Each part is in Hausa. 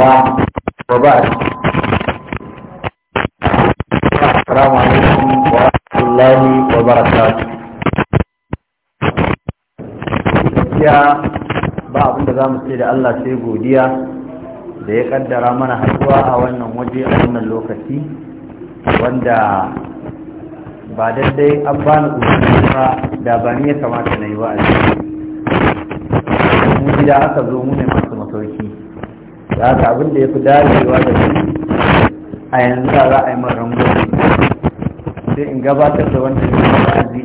السلام وبعد السلام عليكم ورحمة wa وبركاته gaskiya ba abin da za mu ce da Allah sai godiya da ya kaddara mana haɗuwa a wannan waje a wannan lokaci wanda ba daidai an bani umarni ba da ba ni ya kamata na yi ba a gida aka zo mu ne masu masauki da haka abin da ya fi dacewa da shi a yanzu za a yi maran sai in gabatar da wanda ya fi ba a zai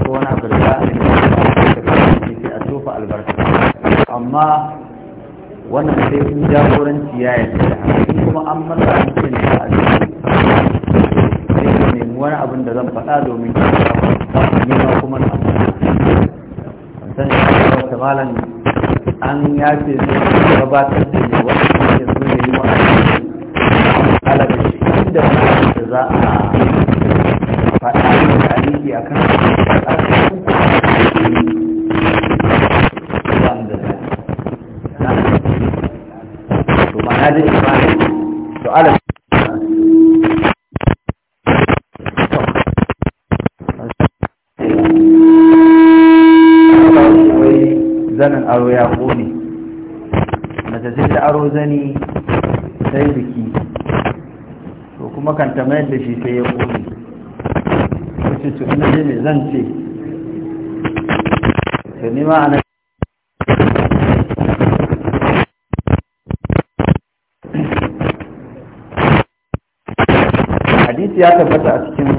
ko wani abu da za a yi sai a tofa albarka amma wannan sai jagoranci ya yi da kuma an masa an ce ne a zai sai nemi wani abin da zan faɗa domin kuma na amfani. Sani ya malam an yafe su gabatar da yawa da shi ta ya ina ne mai zan ce to hadisi ya tabbata a cikin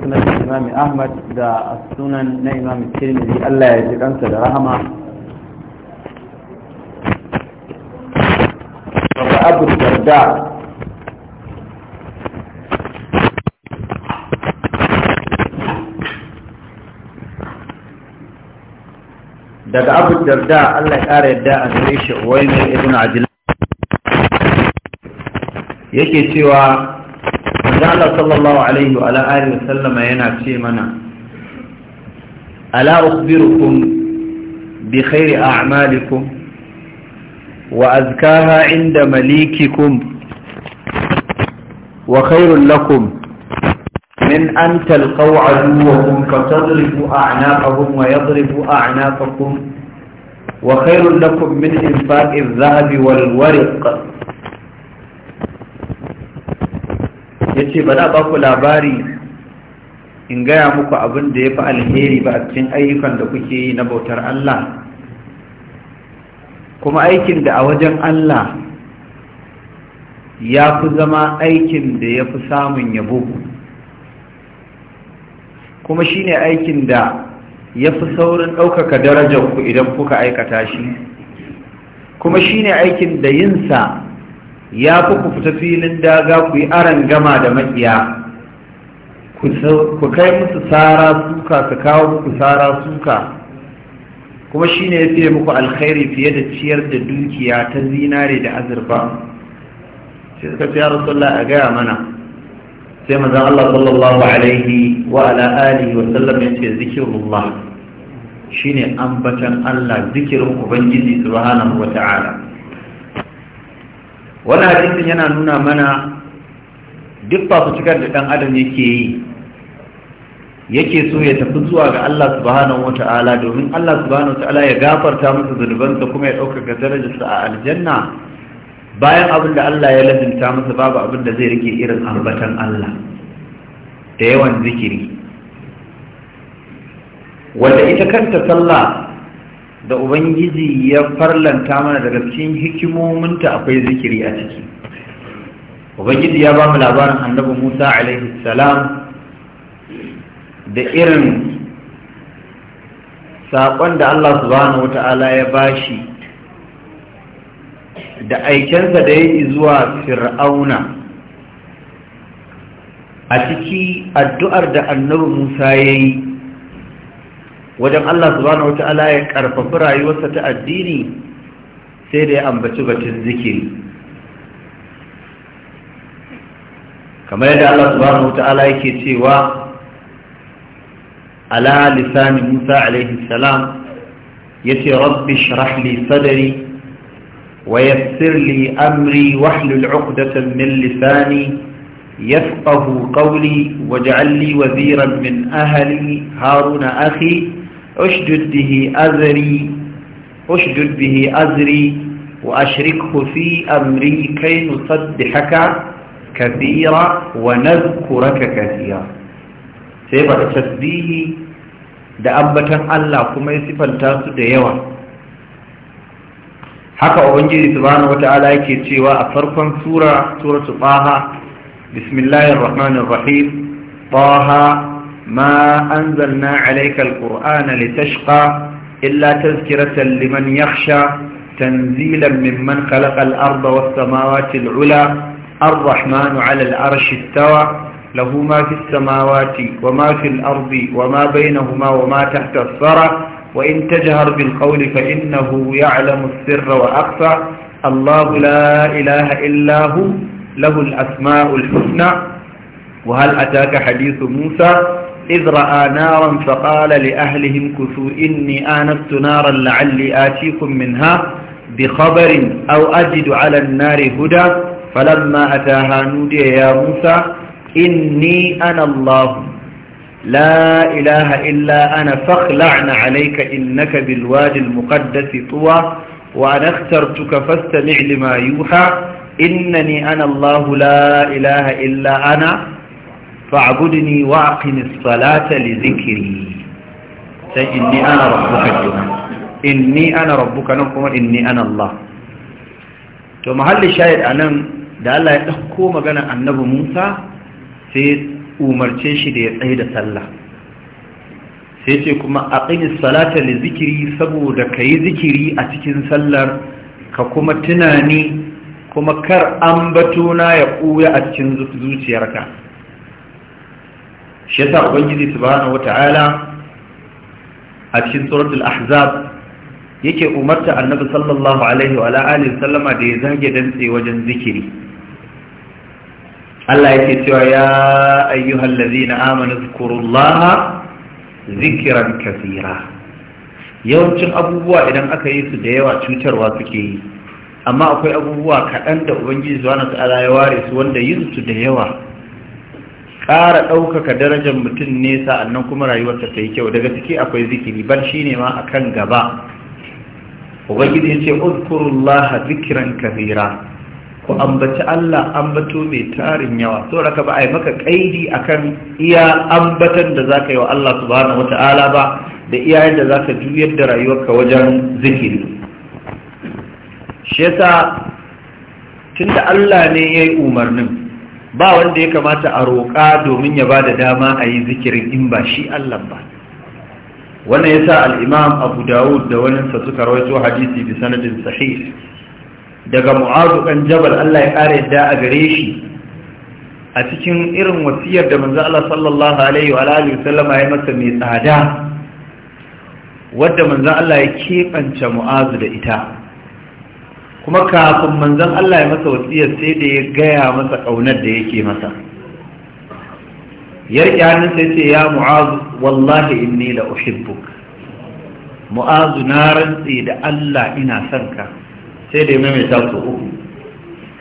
sunan Imami ahmad da sunan na Imami tirmidhi Allah ya ji kansa da rahama abu darda daga abu darda Allah ya ƙara yadda a gare shi wani ibn ajila yake cewa manzo Allah sallallahu alaihi wa alihi wa sallama yana ce mana ala ukhbirukum bi khairi a'malikum wa azkaha inda malikikum wa khairul lakum من أن تلقوا عدوكم فتضربوا أعناقهم ويضربوا أعناقكم وخير لكم من إنفاق الذهب والورق yace ba za ba ku labari in gaya muku abin da ya fi alheri ba a cikin ayyukan da kuke yi na bautar Allah kuma aikin da a wajen Allah ya fi zama aikin da ya fi samun yabo kuma shi ne aikin da ya fi saurin ɗaukaka darajar ku idan kuka aikata shi kuma shi ne aikin da yinsa ya fi ku fita filin daga ku yi aran gama da maƙiya ku kai musu tsara suka su kawo muku tsara suka kuma shi ne ya fiye muku alkhairi fiye da ciyar da dukiya ta zinare da azurfa sai suka fiye ya rasu a gaya mana sai mazan Allah sallallahu alaihi wa ala alihi wa sallam ya ce zikrullah shine ambatan Allah zikirin ubangiji subhanahu wa ta'ala wannan hadisi yana nuna mana duk cikar da ɗan adam yake yi yake so ya tafi zuwa ga Allah subhanahu wa ta'ala domin Allah subhanahu wa ta'ala ya gafarta masa zunubansa kuma ya ɗaukaka darajarsa a aljanna bayan abin da Allah ya lazimta masa babu abin da zai rike irin ambatan Allah da yawan zikiri wanda ita kanta sallah da ubangiji ya farlanta mana daga cikin hikimominta akwai zikiri a ciki ubangiji ya ba mu labarin annabi musa alaihi salam da irin saƙon da allah subhanahu wa ya bashi da aikensa da ya zuwa fir'auna a ciki addu'ar da annabi musa ya yi wajen allah subhanahu wata'ala ya karfafi rayuwarsa ta addini sai da ya ambaci batun zikiri kamar yadda allah subhanahu wata'ala yake cewa ala lisani musa alaihi salam ya ce rabbi shirah sadari ويسر لي أمري واحلل عقدة من لساني يفقه قولي واجعل لي وزيرا من أهلي هارون أخي أشدد به أزري أشدد به أذري وأشركه في أمري كي نصدحك كثيرا ونذكرك كثيرا سيبقى تسبيه da الله كما يسفل ya sifanta haka ubangiji subhanahu wata'ala yake cewa a farkon sura suratu taha bismillahir taha ma anzalna alayka alqur'ana litashqa illa tazkiratan liman yakhsha tanzilan mimman khalaqa al-arda was-samawati al-'ula ar-rahmanu 'ala al-'arshi istawa lahu ma fis-samawati wa ma fil-ardi wa ma baynahuma wa ma tahta as-sara وإن تجهر بالقول فإنه يعلم السر وأخفى الله لا إله إلا هو له الأسماء الحسنى وهل أتاك حديث موسى إذ رأى نارا فقال لأهلهم كثوا إني آنست نارا لعلي آتيكم منها بخبر أو أجد على النار هدى فلما أتاها نودي يا موسى إني أنا الله لا إله إلا أنا فاخلعن عليك إنك بالوادي المقدس طوى وأنا اخترتك فاستمع لما يوحى إنني أنا الله لا إله إلا أنا فاعبدني وأقم الصلاة لذكري إني أنا ربك الجنة إني أنا ربك نقوم إني أنا الله ثم هل شاهد أنا da Allah ya ɗauko magana annabi Musa sai umarce shi da ya tsaye da sallah sai ce kuma a tsaye salata da zikiri saboda ka yi zikiri a cikin sallar ka kuma tunani kuma kar an batuna ya ɓuya a cikin zuciyarka shi yasa ubangiji subhanahu wata'ala a cikin suratul ahzab yake umarta annabi sallallahu alaihi wa alihi sallama da ya zage dantse wajen zikiri Allah yake cewa ya ayyuhal ladzina amanu zkurullaha zikran kafira. yawancin abubuwa idan aka yi su da yawa cutarwa suke yi amma akwai abubuwa kaɗan da ubangiji zuwa na ta'ala ya ware su wanda yin su da yawa ƙara ɗaukaka darajar mutum ne sa'annan kuma rayuwarsa ta yi kyau daga ciki akwai zikiri ban shi ne ma akan gaba ubangiji ya ce zikiran kafira. ku ambaci Allah ambato mai tarin yawa to raka ba a yi maka kaidi akan iya ambatan da zaka yi wa Allah subhanahu wata'ala ba da iya yadda zaka juyar da rayuwarka wajen zikiri Shesa, tunda Allah ne ya yi umarnin ba wanda ya kamata a roƙa domin ya ba da dama a yi zikirin in ba shi Allah ba wannan yasa al-Imam Abu Dawud da wani sa suka rawaito hadisi bi sanadin sahih daga mu'adu ɗan jabal Allah ya kare yadda a gare shi a cikin irin wasiyar da manzo Allah sallallahu alaihi wa alihi wasallama ya masa mai tsada wadda manzo Allah ya keɓance mu'azu da ita kuma kafin manzo Allah ya masa wasiyar sai da ya gaya masa ƙaunar da yake masa Yar hannun sai ce ya mu'azu wallahi inni la uhibbuk mu'azu na rantsi da Allah ina son ka sai da ya maimaita uku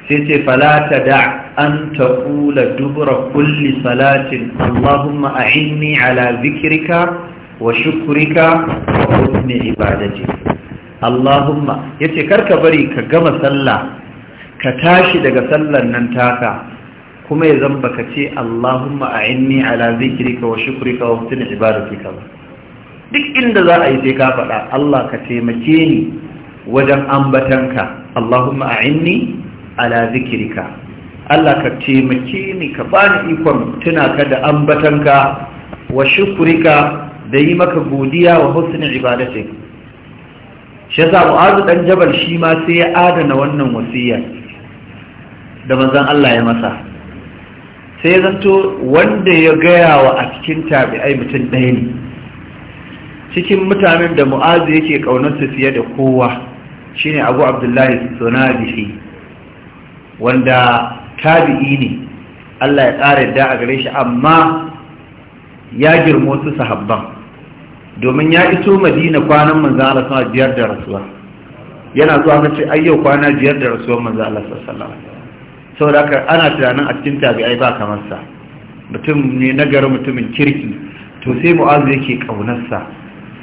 sai ce falata da an taɓula dubura kulli salatin Allahumma a inni ala zikirka wa shukurika wa husni ibadaji Allahumma ya ce karka bari ka gama sallah ka tashi daga sallar nan taka kuma ya zamba ka ce Allahumma a inni ala zikirka wa shukurika wa husni ibadaji ba duk inda za a yi sai ka faɗa Allah ka taimake ni wajen ambatanka Allahumma a'inni ala zikirika Allah ka taimake ni ka bani ikon tuna ka da ambatanka wa shukurika da yi maka godiya wa husnin ibadatik shi mu mu'azu dan jabal shi ma sai ya adana wannan wasiyar da manzon Allah ya masa sai ya zanto wanda ya gaya wa a cikin tabi'ai mutum ɗaya ne cikin mutanen da mu'azu yake su fiye da kowa shine abu abdullahi sunadihi wanda tabi'i ne Allah ya ƙara yadda a gare shi amma ya girmo su sahabban domin ya iso madina kwanan manzan Allah sama biyar da rasuwa yana zuwa mace ayyo kwana biyar da rasuwar manzan Allah sallallahu alaihi saboda haka ana tunanin a cikin tabi'ai ba kamar sa mutum ne na gari mutumin kirki to sai mu'azu yake kaunarsa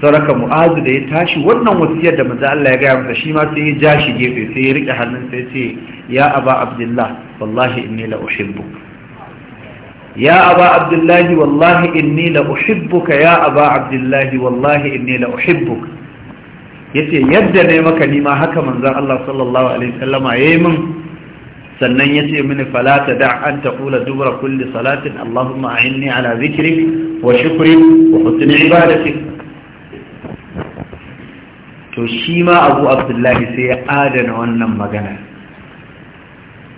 saraka mu'azu da ya tashi wannan wasiyar da Maza Allah ya gaya masa shi ma sai ya ja shi gefe sai ya rike hannun sai ce ya aba abdullah wallahi inni la uhibbuk ya aba abdullah wallahi inni la uhibbuka ya aba abdullah wallahi inni la uhibbuk yace yadda ne maka nima haka manzo Allah sallallahu alaihi wasallama yayi min sannan yace mini fala da an taqula dubra kulli salatin allahumma a'inni ala dhikrik wa shukrik wa husni ibadatik to shi ma abu abdullahi sai ya adana wannan magana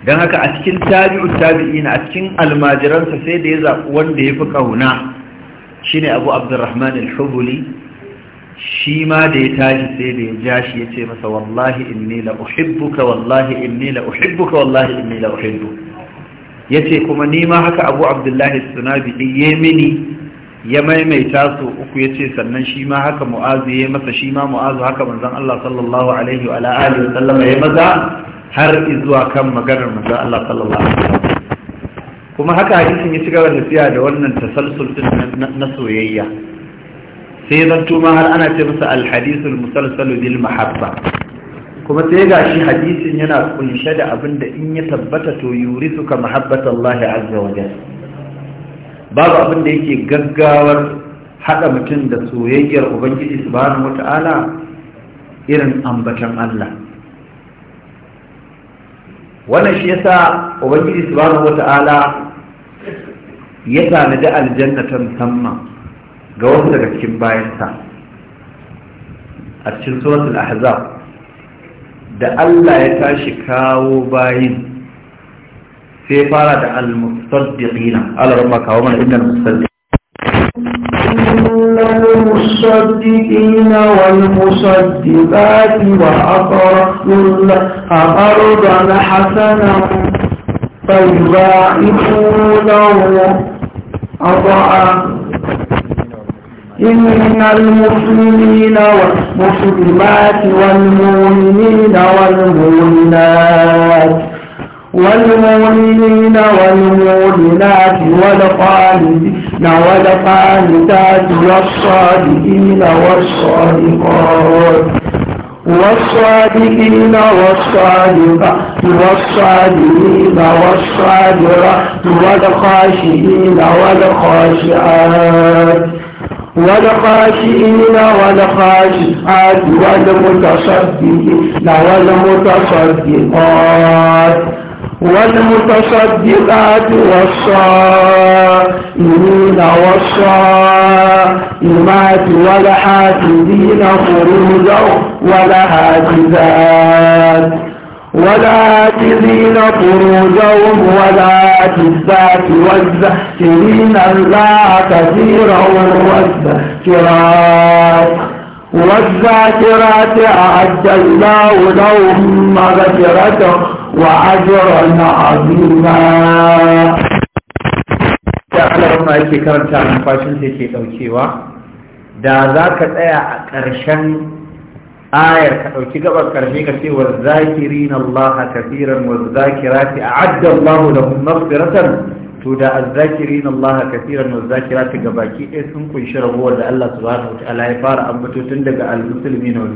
don haka a cikin tabi'u tabi'ina a cikin almajiransa sai da ya zaɓi wanda ya fi ƙauna shi ne abu abdurrahman al-hubuli shi ma da ya tashi sai da ya ja shi ya ce masa wallahi inni la uhibbuka wallahi inni la uhibbuka wallahi inni la uhibbu ya ce kuma ni ma haka abu abdullahi sunabi ya mini ya maimaita su uku ya ce sannan shi ma haka mu'azu ya masa shi ma mu'azu haka manzan Allah sallallahu alaihi wa alihi wa sallama ya maza har zuwa kan maganar manzan Allah sallallahu alaihi wa kuma haka hadisin ya cigaba da tafiya da wannan tasalsul din na soyayya sai zan tuma har ana ce masa alhadisul musalsalu bil mahabba kuma sai ga shi hadisin yana kunshe da abin da in ya tabbata to yurisuka mahabbatallahi azza wa jalla babu abin da yake gaggawar haɗa mutum da soyayyar ubangiji subhanahu wata'ala irin ambatan Allah wannan shi yasa ubangiji subhanahu wata'ala ya tanadi aljanna ta musamman ga wasu daga cikin bayansa a cikin suratul ahzab da Allah ya tashi kawo bayin sai fara da al-mustaddiqina al-rabba kawo mana المصدقين والمصدقات وأقرضوا أقرضا حسنا فيضاعفونه أضعافا إن المسلمين والمسلمات والمؤمنين والمؤمنات والمؤمنين والمؤمنات والقانتين والقانتات والصادقين والصادقات والصادقين والصادقات والصادقين والصادقات والخاشعين والخاشعات والخاشئين والخاشعات والمتصدقين والمتصدقات والمتصدقات والصائمين والصائمات والحافظين فروجهم والحافظات والآتذين فروجهم والآتذات والذاكرين الله كثيرا والذاكرات والذاكرات أعد الله لهم مغفرته وأجرا عظيما ma yake karanta numfashin da ke daukewa da za ka tsaya a ƙarshen ayar ka ɗauki gabar ƙarshe ka ce wa zakiri na Allah kafiran wa zakirati a adda Allah da hun mafiratan to da a zakiri na Allah kafiran wa zakirati ga baki ɗaya sun kunshi rabuwar da Allah subhanahu wa ta'ala ya fara ambato tun daga musulmi na wal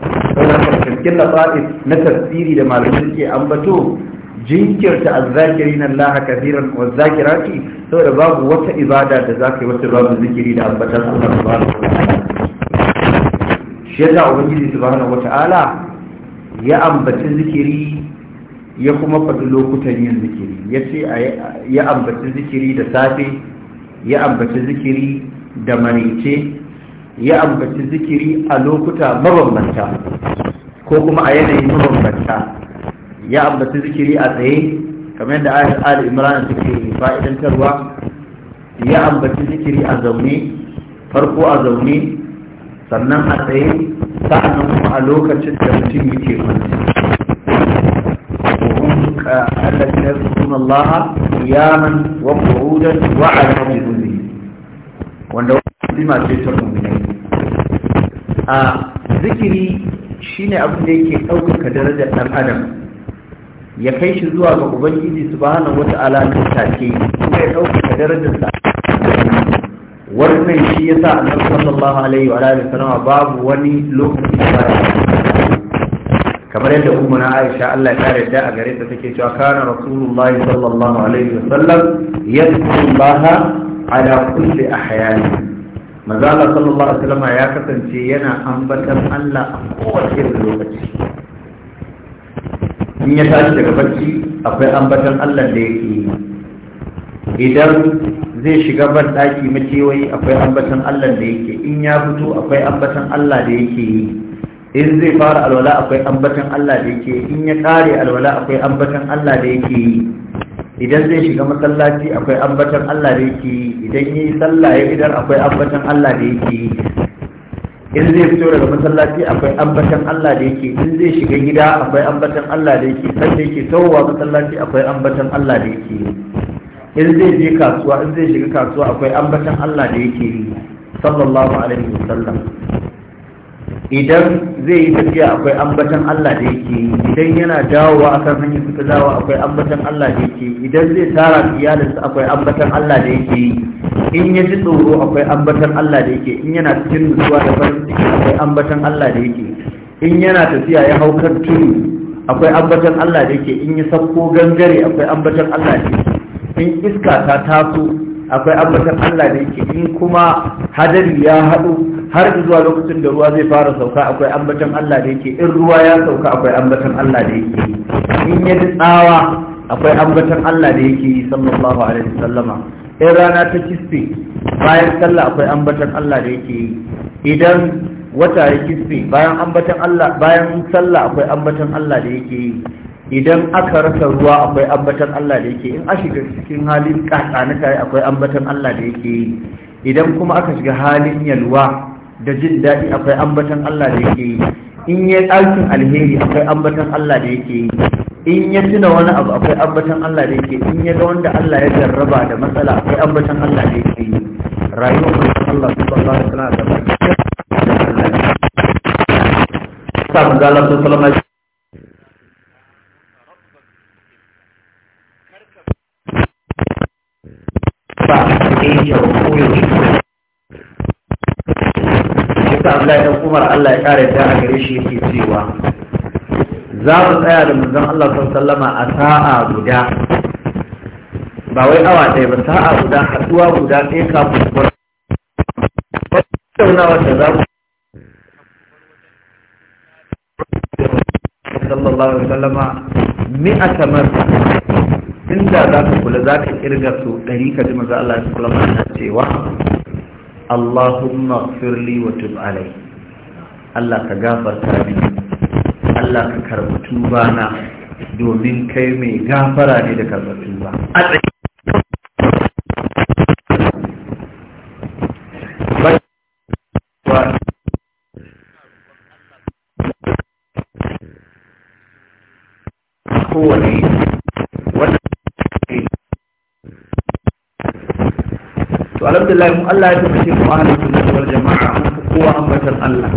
saboda na tafsiri da malamai ke ambato jinkirta na Allah kafiran wa zakirati saboda babu wata ibada da zaka yi wata babu zikiri da ambatan Allah subhanahu wa shi yasa ubangiji subhanahu wa ta'ala ya ambaci zikiri ya kuma faɗi lokutan yin zikiri ya ce ya ambaci zikiri da safe ya ambaci zikiri da marice ya ambaci zikiri a lokuta mabambanta ko kuma a yanayi mabambanta ya ambaci zikiri a tsaye kamar yadda ayat al-imran take fa'idantarwa ya ambaci zikiri a zaune farko a zaune sannan a tsaye sa'annan kuma a lokacin da mutum yake kwanci الذين يذكرون الله قياما وقعودا وعلى جنوبهم wanda wani ma ce ta mummina a zikiri shine abin da yake ɗaukaka darajar ɗan adam ya kai shi zuwa ga ubangiji su subhanahu wata ta take kuma ya ɗaukaka darajar sa wannan shi ya yasa annabi sallallahu alaihi wa alihi wasallam babu wani lokaci da kamar yadda ummu na Aisha Allah ya kare da a gare ta take cewa kana rasulullahi sallallahu alaihi wa sallam!" wasallam yadkullaha ala kulli ahyani mazala sallallahu alaihi wasallam ya kasance yana ambatan Allah a kowace da lokaci in ya tashi daga bacci akwai ambatan Allah da yake yi idan zai shiga ban daki makewayi akwai ambatan Allah da yake in ya fito akwai ambatan Allah da yake yi in zai fara alwala akwai ambatan Allah da yake in ya kare alwala akwai ambatan Allah da yake yi idan zai shiga masallaci akwai ambatan Allah da yake yi idan yi sallah ya idan akwai ambatan Allah da yake yi in zai fito daga masallaci akwai ambatan Allah da yake in zai shiga gida akwai ambatan Allah da yake san da yake tawowa masallaci akwai ambatan Allah da yake in zai je kasuwa in zai shiga kasuwa akwai ambatan Allah da yake yi sallallahu alaihi wasallam idan zai yi tafiya akwai ambatan Allah da yake idan yana dawowa akan hanyar suka dawowa akwai ambatan Allah da yake idan zai tara iyalinsa akwai ambatan Allah da yake in ya ji tsoro akwai ambatan Allah da yake in yana cikin nutsuwa da farin ciki akwai ambatan Allah da yake in yana tafiya ya hau kan tudu akwai ambatan Allah da yake in ya sakko gangare akwai ambatan Allah da yake in iska ta taso akwai ambatan Allah da yake in kuma hadari ya haɗu har zuwa lokacin da ruwa zai fara sauka akwai ambatan Allah da yake in ruwa ya sauka akwai ambatan Allah da yake in ya ji tsawa akwai ambatan Allah da yake yi sallallahu alaihi sallama. in rana ta kisbe bayan sallah akwai ambatan Allah da yake yi idan wata ya kisbe bayan ambatan Allah bayan sallah akwai ambatan Allah da yake yi idan aka rasa ruwa akwai ambatan Allah da yake in a shiga cikin halin katsanuka akwai ambatan Allah da yake yi idan kuma aka shiga halin yalwa da jin daɗi akwai ambatan Allah da yake yi in ya aikin alheri akwai ambatan Allah da yake yi in ya tuna wani abu akwai ambatan Allah da yake in ya ga wanda Allah ya jarraba da matsala akwai ambatan Allah da yake yi rayuwar mutum Allah subhanahu wa suna da baki da Allah ne sa su ga Allah sallallahu alaihi ba sai eh, ya koyo abdullahi umar allah ya kare ta a gare shi yake cewa za mu tsaya da manzon allah wasallam a sa'a guda ba wai awa ɗaya ba sa'a guda haɗuwa guda ɗaya kafin gwar tattaunawar da za mu sallallahu alaihi mi a kamar inda za ka kula za ka kirga su ɗari ka ji maza Allah ya kula mana cewa Allahumma firli wa tub alai Allah ka gafarta mini Allah ka karɓi tuba na domin kai mai gafara ne da karɓar tuba kowane alhamdulillah mu Allah ya tafi shi mu ahlus sunna wal jama'a kowa ambatan Allah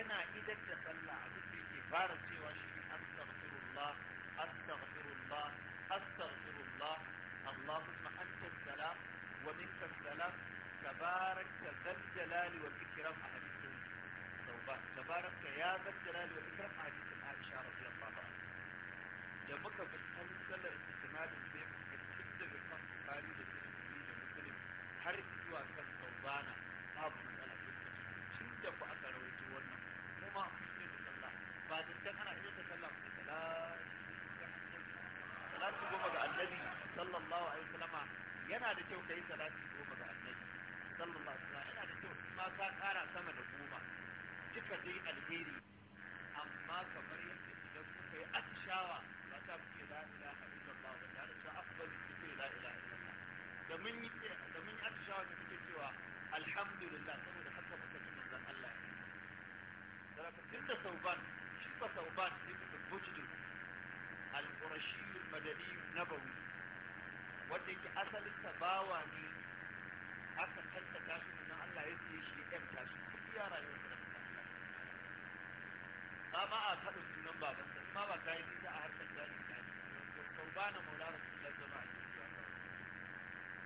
yana idan da sallah abin da yake fara cewa shi ne astaghfirullah astaghfirullah astaghfirullah allahumma anta salam wa minka salam tabarakta zal jalali wal ikram a hadisin tauban tabarakta ya zal jalali wal ikram a hadisin aisha radiyallahu anha da muka bi sallar istimalin sai muka tun daga kan bukari da tirmidhi da muslim har zuwa kan taubana babu matsala duk da ku aka rawaito amma shi ne sallah ba zancen ana iya ta sallah Salatu goma ga annabi sallallahu alaihi wasallama yana da kyau kai salatu goma ga annabi sallallahu alaihi wasallama yana da kyau ma ka kara sama da goma duka dai alheri amma kamar yadda idan kuka yi atishawa ba ta fi la ilaha illallah ba ta da cewa afdal kuka yi la ilaha illallah da mun yi atishawa da kuke cewa alhamdulillah saboda duk da sauban shi ba sauban ibn bujdin al-qurashi al-madani nabawi wanda yake asalin ta bawa ne aka tantaka shi dan Allah ya ce shi ɗan tashi iya rayuwar sa ba ma a faɗin sunan baban sa ma ba ta yi ne a harkar jari sauban maula rasulullahi sallallahu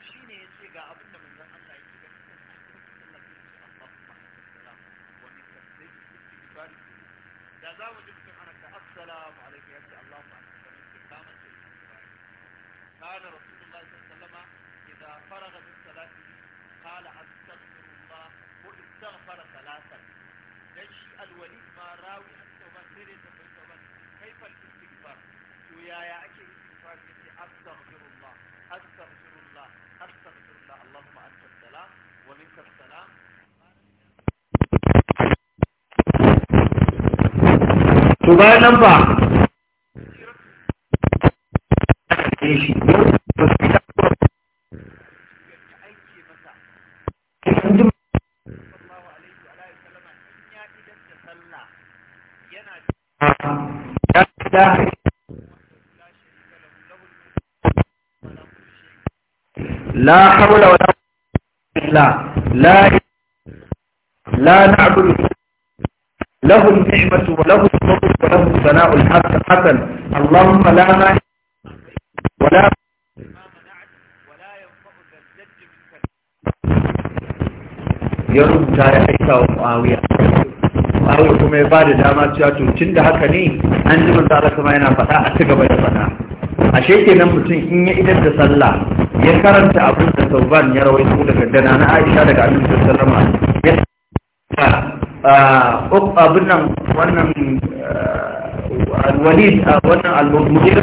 Shi ne ya ce ga abin da manzon Allah yake أكبر إذا ذا وجب سبحانك السلام عليك يا اللهم استقاما كان رسول الله صلى الله عليه وسلم إذا فرغ من صلاته قال أستغفر الله واستغفر ثلاثا نجي الوليد ما راوي التوبة سيري التوبة كيف الاستغفار ويا يا أكي الاستغفار أستغفر الله أستغفر الله أستغفر الله اللهم أنت السلام ومنك السلام to bayan nan ba shi لا حول ولا قوة إلا لا لا نعبد له النعمة وله وله الثناء الحسن اللهم لا مانع ولا ya rubuta ya aika wa muawiya muawiya kuma ya bada dama cewa to tun da haka ne an ji manzo Allah kuma yana faɗa a ci gaba da faɗa ashe kenan mutum in ya idan da sallah ya karanta abin da Sauban ya rawaito daga dana na Aisha daga Annabi sallallahu alaihi wasallam ya abin nan wannan al-walid a wannan al-mughira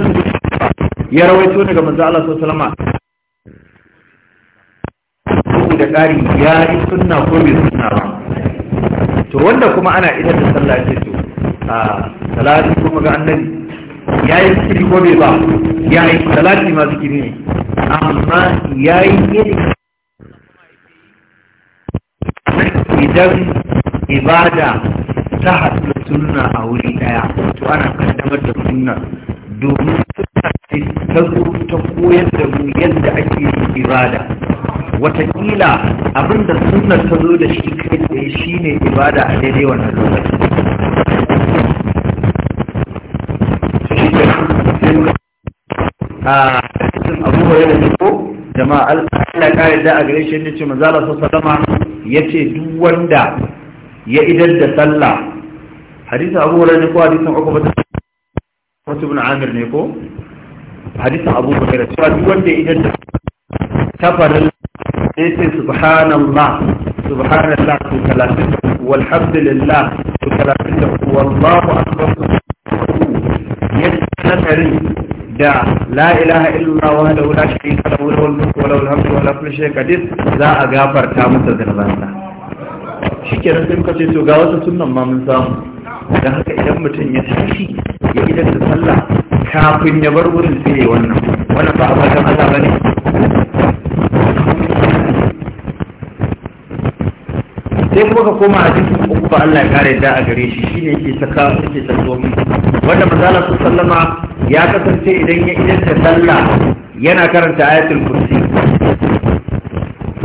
ya rawaito daga manzo Allah sallallahu alaihi wasallam da kari ya yi sunna ko bai sunna ba to wanda kuma ana idan da sallah ce to a salati kuma ga annabi ya yi zikiri ko bai ba ya yi salati ma zikiri ne amma ya yi iri idan ibada ta haɗu sunna a wuri daya to ana kaddamar da sunna domin sunna ce ta zo ta koyar da mu yadda ake yin ibada watakila abinda sunna ta zo da shi kai tsaye ne ibada a daidai wannan lokaci a cikin abubuwa yana ko jama'a Allah kare da a gare shi yadda ce manzala sallama yace duk wanda ya idar da sallah hadisa abu wala ne ko hadisin uku wasu bin amir ne ko hadisin abu wala ne cewa duk wanda idan da tafarin sai sai subhanallah subhanallah da 30 walhamdulillah su talatin da 30 wallahu akbar nazarin da la ilaha illallah wahdahu la sharika lahu lahul mulku wa lahul hamdu wa la kulli shay'in qadir za a gafarta masa shi kenan sai muka ce to ga wasu sunan ma mun samu don haka idan mutum ya tashi ya idan da sallah kafin ya bar wurin sai ya wannan wannan ba a fatan Allah bane sai kuma ka koma hadisin uku ba Allah ya kare da a gare shi shine yake saka yake sako mu wanda manzala su sallama ya kasance idan ya idan da sallah yana karanta ayatul kursi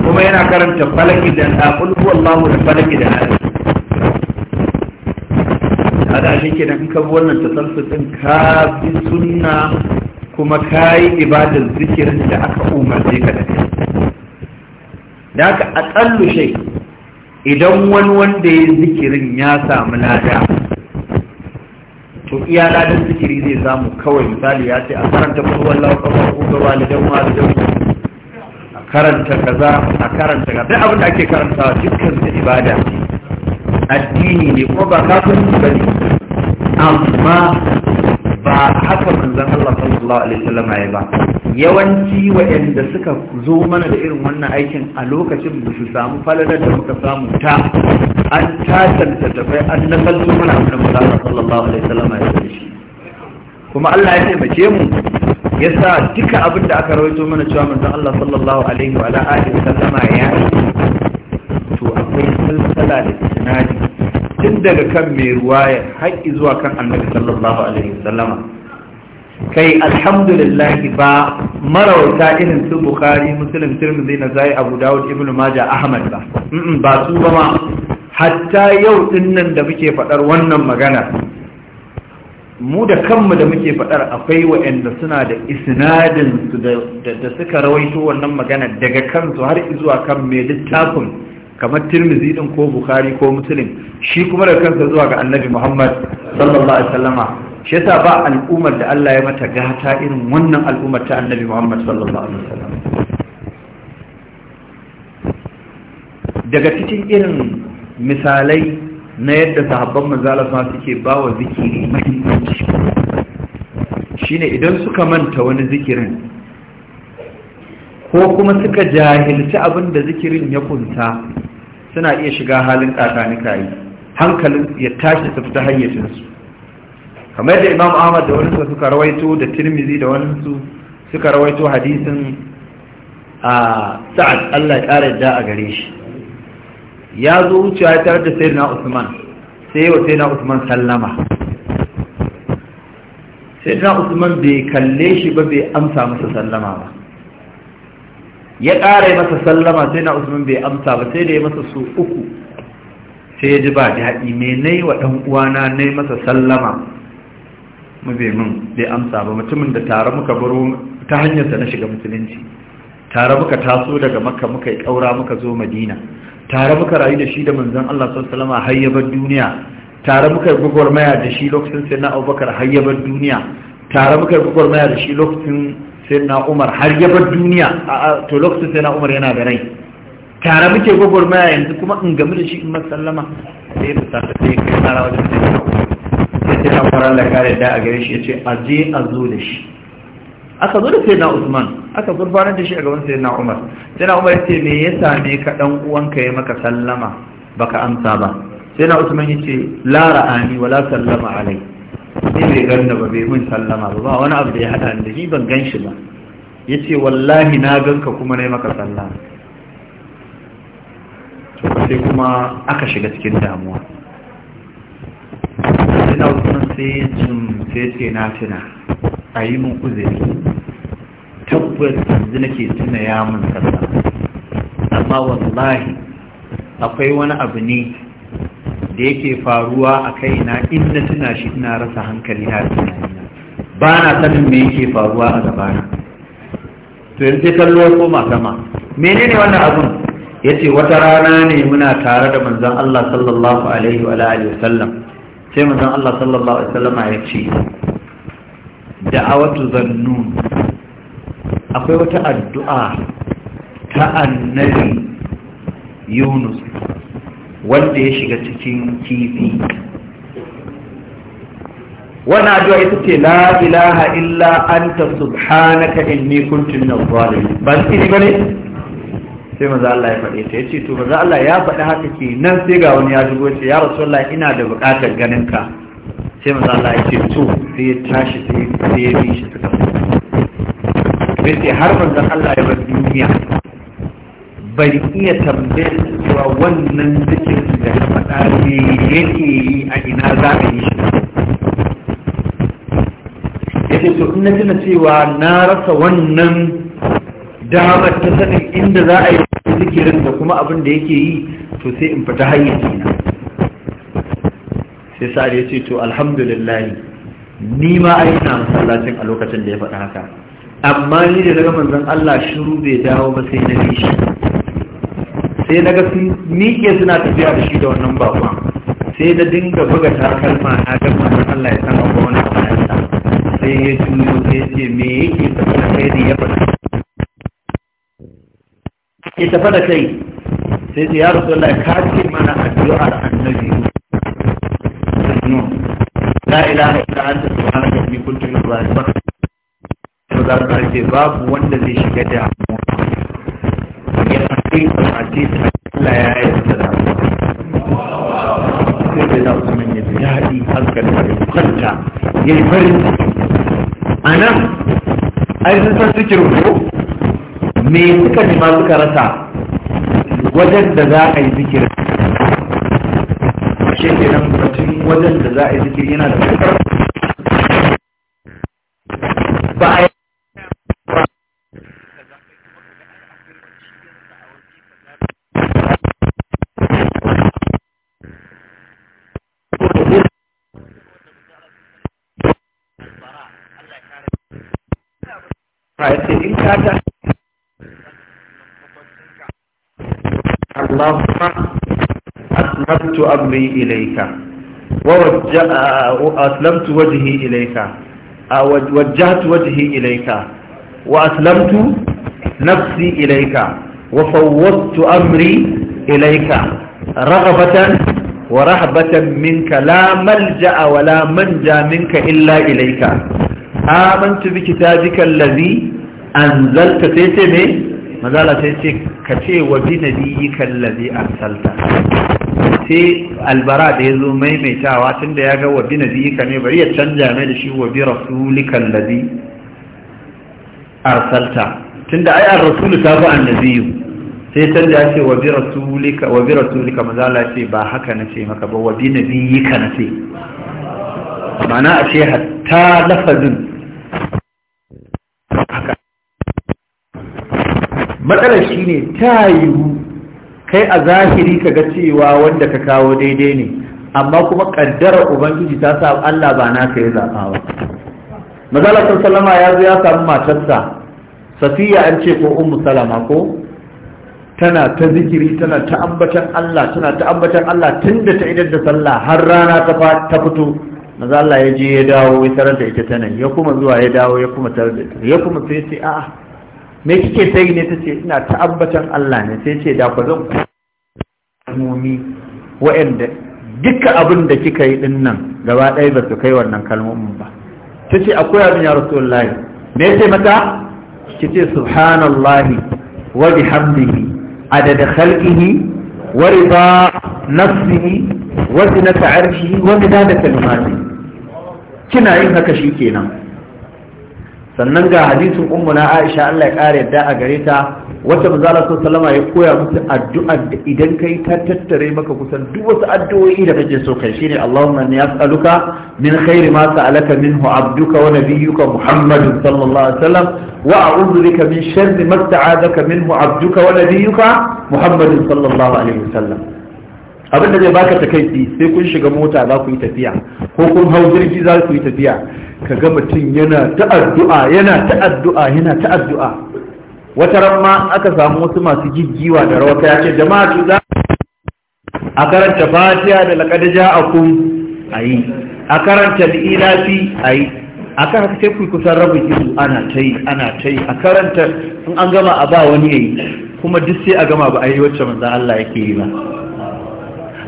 kuma yana karanta falaki da aqul huwallahu da falaki da nas kada shi ke nan ka wannan tasalsul din ka bi sunna kuma ka yi ibadar zikirin da aka umarce ka da kai da aka aƙallu shai idan wani wanda ya zikirin ya samu lada to iya ladan zikiri zai samu kawai misali ya ce a karanta kusurwar lafafa ko gaba da wa da karanta kaza a karanta kaza duk abin da ake karantawa dukkan ibada addini ne ko ba kafin ba amma ba haka manzan Allah sallallahu alaihi wasallam ya ba yawanci waɗanda suka zo mana da irin wannan aikin a lokacin da su samu falalar da muka samu ta an tasanta da bai an na nakalto mana abin da Allah sallallahu alaihi wasallam ya yi shi kuma Allah ya taimake mu ya sa duka abin da aka rawaito mana cewa manzan Allah sallallahu alaihi wa alihi wasallam ya yi to akwai salsala da tunani tun daga kan mai ruwaya haƙƙi zuwa kan annabi sallallahu alaihi wasallama kai alhamdulillah ba marawata irin su Bukari muslim tirmidhi na zai abu dawud ibnu maja ahmad ba ba su ba ma hatta yau din nan da muke faɗar wannan magana mu da kanmu da muke faɗar akwai wa'anda suna da isnadin su da suka rawaito wannan magana daga kansu har zuwa kan mai littafin kamar tirmizi din ko bukhari ko muslim shi kuma da kansa zuwa ga annabi muhammad sallallahu alaihi wasallama shi yasa ba al'ummar da Allah ya mata gata irin wannan al'ummar ta annabi muhammad sallallahu alaihi wasallam daga cikin irin misalai na yadda sahabban manzala sun suke ba wa zikiri mahimmanci shine idan suka manta wani zikirin ko kuma suka jahilci abin da zikirin ya kunta suna iya shiga halin tsakanika yi hankalin ya tashi su fita hayyacinsu kamar da imam ahmad da wani suka rawaito da tirmizi da wani su suka rawaito hadisin a sa'ad allah ƙara yadda a gare shi ya zo wucewa ya tarar da sayyidina usman sai wa sayyidina usman sallama sayyidina usman bai kalle shi ba bai amsa masa sallama ba ya ƙara masa sallama sai na usman bai amsa ba sai da ya masa su uku sai ya ji ba daɗi mai nai wa ɗan uwana yi masa sallama mu bai min bai amsa ba mutumin da tare muka baro ta hanyarsa na shiga musulunci tare muka taso daga makka muka yi ƙaura muka zo madina tare muka rayu da shi da manzon Allah sallallahu alaihi har duniya tare muka yi gwagwarmaya da shi lokacin sai na abubakar har duniya tare muka yi gwagwarmaya da shi lokacin Sai na umar har ya bar duniya a to lokacin na umar yana da rai tare muke gwagwarmaya yanzu kuma in gami da shi in masallama sai ya fita sai ya kai tsara wajen sai sai sayyidina umar Allah kare da a gare shi ya ce a je a zo da shi aka zo da na usman aka gurbanar da shi a gaban na umar sai na umar ya ce me ya same ka dan uwanka ya maka sallama baka amsa ba sai na usman ya ce la ra'ani wala sallama alai sai bai ganda ba bai mun sallama ba ba wani abu da ya hada da shi ban gan shi ba ya ce wallahi na ganka kuma na yi maka sallama to sai kuma aka shiga cikin damuwa sai na kuma sai jin sai ce na tuna a yi mun kuzari. tabbas yanzu nake tuna ya mun sallama amma wallahi akwai wani abu ne da yake faruwa a kaina inda na tuna shi ina rasa hankali na tunanina ba na sanin me yake faruwa a gabana to yanzu kallo koma sama menene wannan abun yace wata rana ne muna tare da manzon Allah sallallahu alaihi wa alihi wasallam sai manzon Allah sallallahu alaihi wasallama ya ce da'awatu zannun akwai wata addu'a ta annabi Yunus wanda ya shiga cikin kifi wani addu'a ita ce la ilaha illa anta subhanaka inni kuntu minaz zalimin ba shi bane sai maza Allah ya faɗe ta yace to maza Allah ya faɗi haka ke nan sai ga wani ya dubo ce ya rasulullah ina da buƙatar ganin ka sai maza Allah ya ce to sai ya tashi sai ya bi shi suka sai har manzon Allah ya bar duniya bai iya tambayar cewa wannan zikin da ya faɗa ne yake yi a ina za a yi shi Ya ce to na tuna cewa na rasa wannan damar ta sanin inda za a yi zikirin da kuma abin da yake yi to sai in fita hanyar na sai sa ya ce to alhamdulillah ni ma a yi na masallacin a lokacin da ya faɗa haka amma ni da daga manzon Allah shiru bai dawo ba sai na shi sai na gafi miƙe suna tafiya da shi da wannan bakon sai na dinga buga takalma na ga na Allah ya san abuwa wani abu sai ya juyo sai ce me yake tafi da kai ne ya faɗa ke tafi da kai sai ce ya rasu Allah ka ce mana addu'ar annabi la ilaha illa anta subhanaka inni kuntu min adh-dhalimin to da ka ce babu wanda zai shiga da damuwa a ce Allah ya yi masa da da a nan ai sun san me suka suka rasa wajen da za a yi shi ke nan batun wajen da za a yi yana da ba a yi ta Allahumma aslamtu amri ilayka wa aslamtu wajhi ilayka wajjahtu wa aslamtu nafsi ilayka wa fawwadtu amri ilayka raghabatan wa minka la malja'a wa la manja minka illa bi kitabika anzalta sai ce me mazala sai ce ka ce wa bi na nabiyika allazi arsalta sai albara da ya zo maimaitawa tun da ya ga wa bi na nabiyika ne bari ya canja mai da shi wa bi rasulika allazi arsalta tunda ai ar-rasul ta fi annabiyu sai canja ce wa bi rasuli rasulika wa bi rasulika mazala ce ba haka na ce maka ba wa bi na nabiyika nace ma'ana a ce hatta lafazin matsalar shine ta yiwu kai a zahiri ka ga cewa wanda ka kawo daidai ne amma kuma kaddara ubangiji ta sa Allah ba naka ya zaɓa ba mazala sun salama ya zo ya samu matarsa safiya an ce ko ummu salama ko tana ta zikiri tana ta ambatan Allah tana ta ambatan Allah tunda ta idar da sallah har rana ta fito maza Allah ya je ya dawo ya tarar da ita tana ya kuma zuwa ya dawo ya kuma tarar da ita ya kuma sai sai a'a me kike sai ne ta ce ina ta'abbatan Allah ne sai ce da ku zan kalmomi wa'anda duka abin da kika yi din nan gaba ɗaya ba su kai wannan kalmomin ba ta ce akwai abin ya rasulullahi me sai mata ki ce subhanallahi wa bihamdihi adada khalqihi wa rida nafsihi wa zinata arshihi wa midada kalimatihi kina yin haka shikenan sannan ga hadisin ummu na Aisha Allah ya kare yadda a gare ta wata manzala sallama ya koya musu addu'a da idan kai ta tattare maka kusan duk wasu addu'o'i da kake so kai shine Allahumma inni as'aluka min khairi ma sa'alaka minhu abduka wa nabiyyuka Muhammad sallallahu alaihi wasallam wa a'udhu bika min sharri ma sta'adaka minhu abduka wa nabiyyuka Muhammad sallallahu alaihi wasallam abin da zai baka takaici sai kun shiga mota za ku yi tafiya ko kun hau jirgi za ku yi tafiya ka ga mutum yana ta'addu'a yana ta'addu'a yana ta'addu'a wata ran ma aka samu wasu masu jijjiwa da rawa ya ce jama'a tu za a karanta fatiha da laqad ja'akum ayi a karanta lilafi ayi a karanta sai ku kusan rabin ido ana ta yi ana ta yi a karanta in an gama a ba wani yayi kuma duk sai a gama ba a yi wacce manzan Allah yake yi ba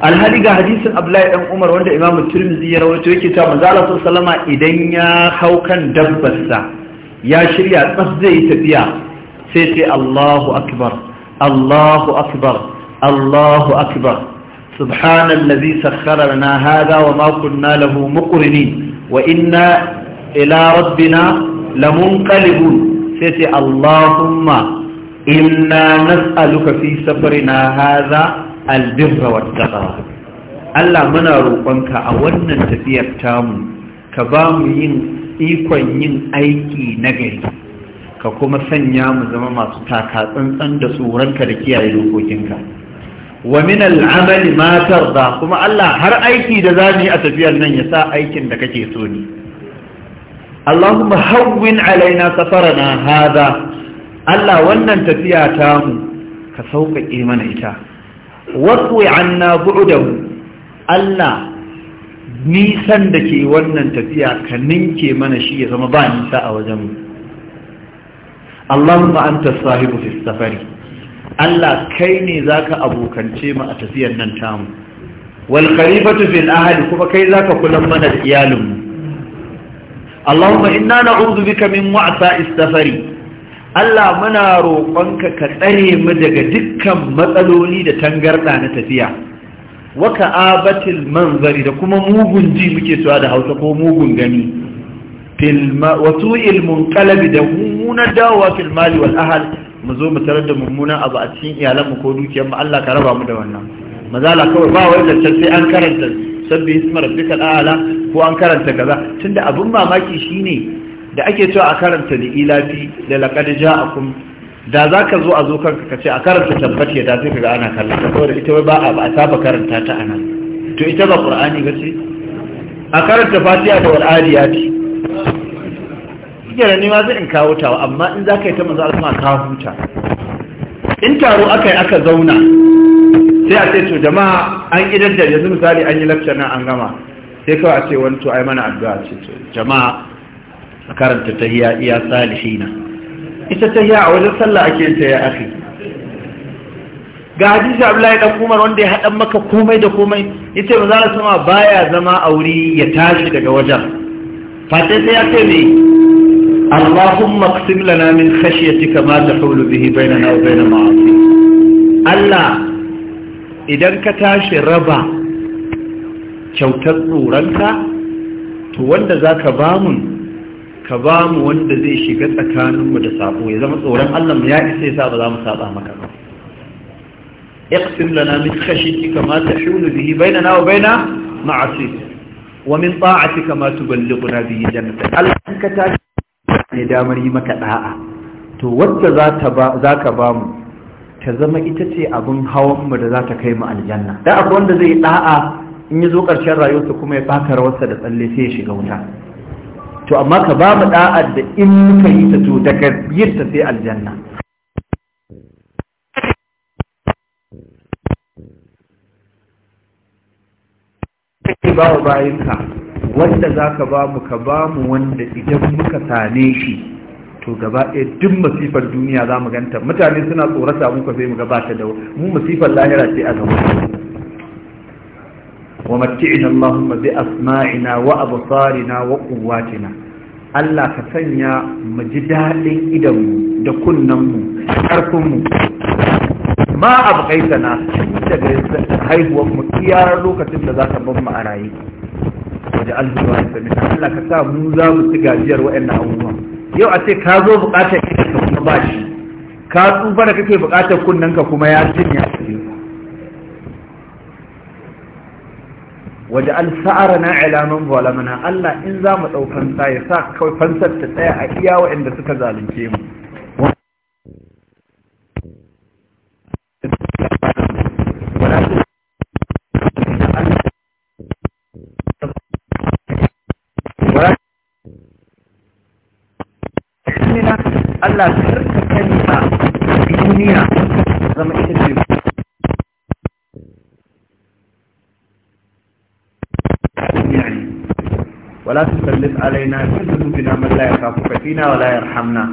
alhali ga hadisin abdullahi dan umar wanda imam turmizi ya rawaito yake cewa manzo Allah sallama idan ya hau kan dabbarsa ya shirya tsaf zai yi tafiya sai sai Allahu akbar Allahu akbar Allahu akbar subhanallazi sakhkhara lana hada wa ma kunna lahu muqrinin wa inna ila rabbina lamunqalibun sai ce Allahumma inna nas'aluka fi safarina hadha albirra wa taqwa Allah muna roƙonka a wannan tafiyar tamu ka ba mu yin ikon yin aiki gari ka kuma sanya mu zama masu taka tsantsan da tsoronka da kiyaye dokokinka wa min al'amal ma tarda kuma Allah har aiki da zamu yi a tafiyar nan ya sa aikin da kake so ne Allahumma hawwin alaina safarana hada Allah wannan tafiya ta mu ka sauƙaƙe mana ita wasu anna bu'dahu Allah nisan da ke wannan tafiya ka ninke mana shi ya zama ba nisa a wajen Allahumma anta sahibu fi safari Allah kai ne zaka abokance mu a tafiyar nan tamu wal qaribatu fil ahli kuma kai zaka kula mana da mu Allahumma inna na'udhu bika min wa'sa'i safari Allah muna roƙonka ka tsare mu daga dukkan matsaloli da tangarɗa na tafiya waka abatil manzari da kuma mugun ji muke suwa da hausa ko mugun gani wasu ilmun kalabi da mummunan dawowa filmali wal ahal mu zo mu tarar da mummunan abu a cikin iyalanmu ko mu Allah ka raba mu da wannan mazala kawai ba wai zancen sai an karanta sabbi isma rabbikal a'la ko an karanta kaza tunda abun mamaki shine da ake cewa a karanta da ilafi da a ja'akum da za ka zo a zo kanka ka ce a karanta tabbat ya dace ka ga ana kallon Ko saboda ita ba a ba a saba karanta ta ana to ita ba qur'ani ba ce a karanta fatiha da wal adiyati kiyar ne ma zai in kawo ta amma in za ka yi ta manzo Allah ka huta in taro aka yi aka zauna sai a ce to jama'a an idan da yanzu misali an yi lecture nan an gama sai kawai a ce wani to ai mana addu'a ce to jama'a a karanta hiya iya salihina ita hiya a wajen sallah ake ta ya ake. ga hadisi Abdullahi dan Umar wanda ya haɗa maka komai da komai ita ba za sama baya zama a wuri ya tashi daga wajen fata ta ya ce ne allahun maksimla lana min cika ma tahulu bihi bainana bai na ma'afi Allah idan ka tashi raba kyautar tsoronka to wanda za ka bamun ka ba mu wanda zai shiga tsakaninmu da sabo ya zama tsoron Allah mu ya isa yasa ba za mu saba maka ba اقسم لنا wa خشيتك ما تحول به بيننا وبين معصيتك ومن طاعتك ما تبلغنا به جنتك ta كتاب ne damar yi maka ɗa'a, to wacce za ka ba mu ta zama ita ce abin hawanmu da za ta kai mu aljanna da akwai wanda zai ɗa'a in ya zo ƙarshen rayuwarsa kuma ya baka rawarsa da tsalle sai ya shiga wuta to amma ka ba mu da'ar da in muka yi ta to daga ta sai aljanna kake ba wa bayanka wanda za ka ba mu ka ba mu wanda idan muka same shi to gaba ɗaya duk masifar duniya za mu ganta mutane suna tsorata muka sai mu ta da mu masifar lahira ce a gaba ومتعنا اللهم بأسماعنا وأبصارنا وقواتنا Allah ka sanya mu ji daɗin idanmu da kunnenmu ƙarfinmu ma abu kaita na daga haihuwar mu iyar lokacin da za ka ban mu a raye waje alhuwa ya sami Allah ka sa mu za mu ci gajiyar wa'annan abubuwan yau a ce ka zo buƙatar ita ka kuma ba shi ka tsufa da kake buƙatar kunnen ka kuma ya a ya waje alsa'ara na ilamin zalamana Allah in za mu ɗau fansa ya sa kawai fansar ta tsaya a iya waɗanda suka zalunce mu Allah ولا تسلط علينا بذنوبنا من لا يخافك فينا yarhamna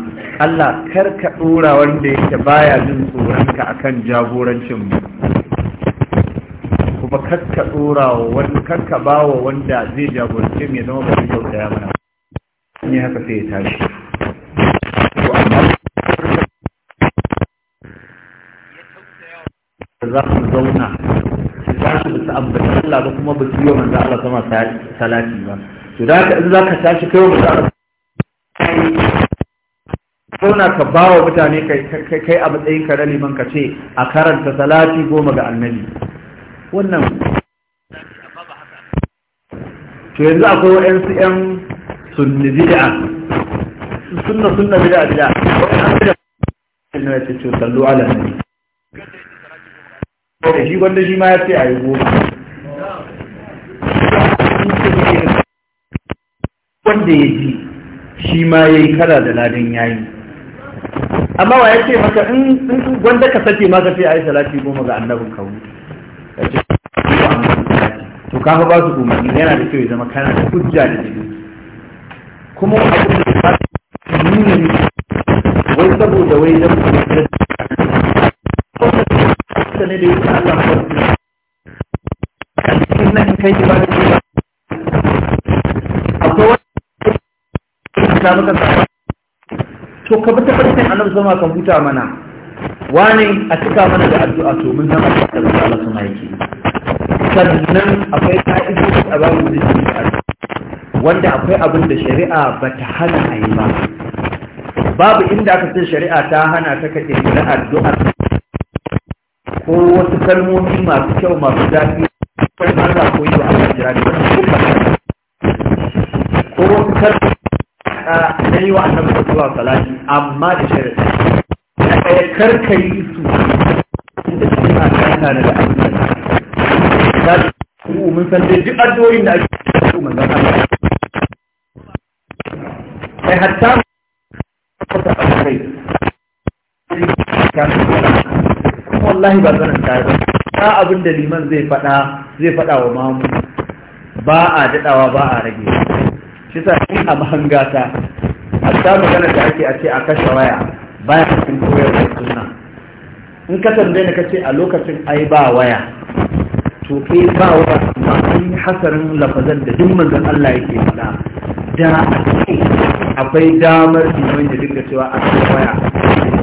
Allah kar ka dora wanda yake baya jin tsoronka akan jagorancin mu kuma ka dora wanda ka bawo wanda zai jagorance mu ya zama ba zai tausaya mana ne haka sai ya tashi za su zauna za su bisa abin Allah ba kuma ba su yi wa manzo Allah sama salati ba to da ka in za ka tashi kai wa zauna ka ba wa mutane kai a matsayin ka na liman ka ce a karanta salati goma ga annabi wannan to yanzu akwai wa'yansu 'yan sunni bid'a sunna sunna bid'a bid'a wa'yansu ya ce to sallu ala nabi da shi wanda shi ma ya ce a yi goma wanda ya ji shi ma ya yi kara da ladin ya yi amma wa ya ce maka in wanda ka sake maka ce a yi salati goma ga annabin kawo ya ce to kafa ba su umarni yana da kyau ya zama kana da hujja da jini kuma wani abu da ba su nuna ne wai saboda wai da kuma da ne da yake Allah ba su nan kai ba da rubuta maka to ka bata ta farkin annabi sama kan huta mana wani a cika mana da addu'a to mun zama da Allah sama yake sannan akwai ka'idoji a babu da wanda akwai abin da shari'a ba ta hana a yi ba babu inda aka san shari'a ta hana ta kace da addu'a ko wasu kalmomi masu kyau masu daɗi ko Allah ko yi wa Allah jira da wani ko wasu kalmomi ta yi wa annabi sallallahu alaihi wasallam amma da sharadi na kai karkai su da su da da ku mun san dai duk addu'o'in da ake Allah sai hatta ta kai wallahi ba zanen ba ta abin liman zai faɗa faɗa wa mamu ba a daɗawa ba a rage shi sa ni a ta a ta magana da ake a ce a kashe waya bayan cikin koyar da suna in ka tambaye ni ce a lokacin ai ba waya to ke ba waya amma an hasarin lafazan da duk manzon Allah yake faɗa da akwai damar imani da dinga cewa a kashe waya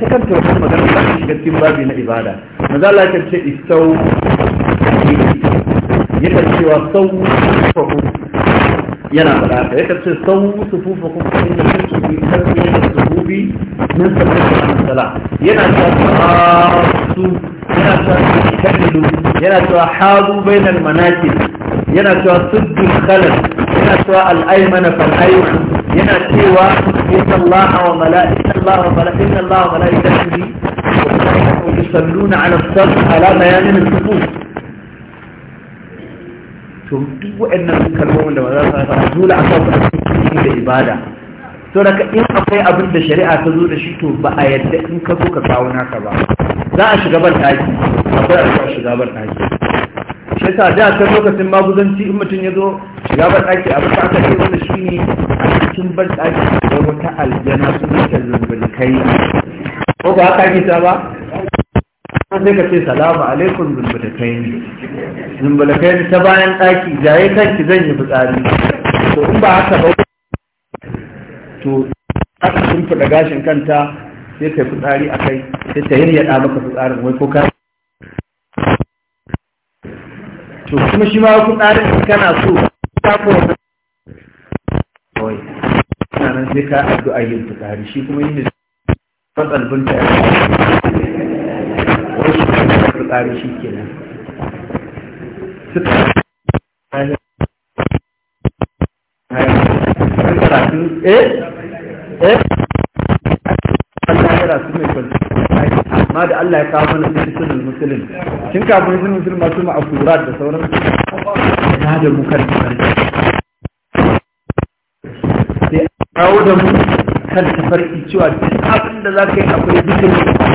ta kanta wata magana ba shi cikin babi na ibada maza Allah ya ce istau yadda cewa sau fa'u yana faɗa ka ya kace sau fufa kuma sun da kanki bi tarbiyyar da sufufi min sabbin sala yana ta su yana ta kadilu yana cewa hadu bainal manakib yana cewa suddul khalal yana ta al fal ayman yana cewa inna allaha wa mala'ikatahu wa mala'ikatahu wa mala'ikatahu yusalluna 'ala as-sabt ala bayanin as-sufuf to duk waɗannan kalmomin da ba za su haka dole a samu a cikin da ibada to daga in akwai abin da shari'a ta zo da shi to ba a yadda in ka zo ka kawo naka ba za a shiga ban ɗaki akwai a zuwa shiga ban ɗaki shi yasa da ta lokacin maguzanci in mutum ya zo shiga ban ɗaki abin da aka ce wanda shi ne a cikin ban ɗaki da wata aljana sun yi kai ko ba haka ake ta ba sai ka ce salamu alaikum zumbulakai ne zumbulakai ne ta bayan ɗaki jaye kanki zan yi fitsari to in ba haka ba to aka fi gashin kanta sai ka yi fitsari a kai sai ta yin yaɗa maka fitsarin wai ko ka to kuma shi ma fitsarin kana so ta kowa kawai nan sai ka addu'a yin fitsari shi kuma yin da matsalbin ta yi ƙari shi ke nan eh? eh? amma da Allah ya kawo mana cikin musulun kin kafin sunan musulun masu da sauran na da mu kan sai kawo da mu kan tafarki cewa duk abin da za ka yi akwai dukkan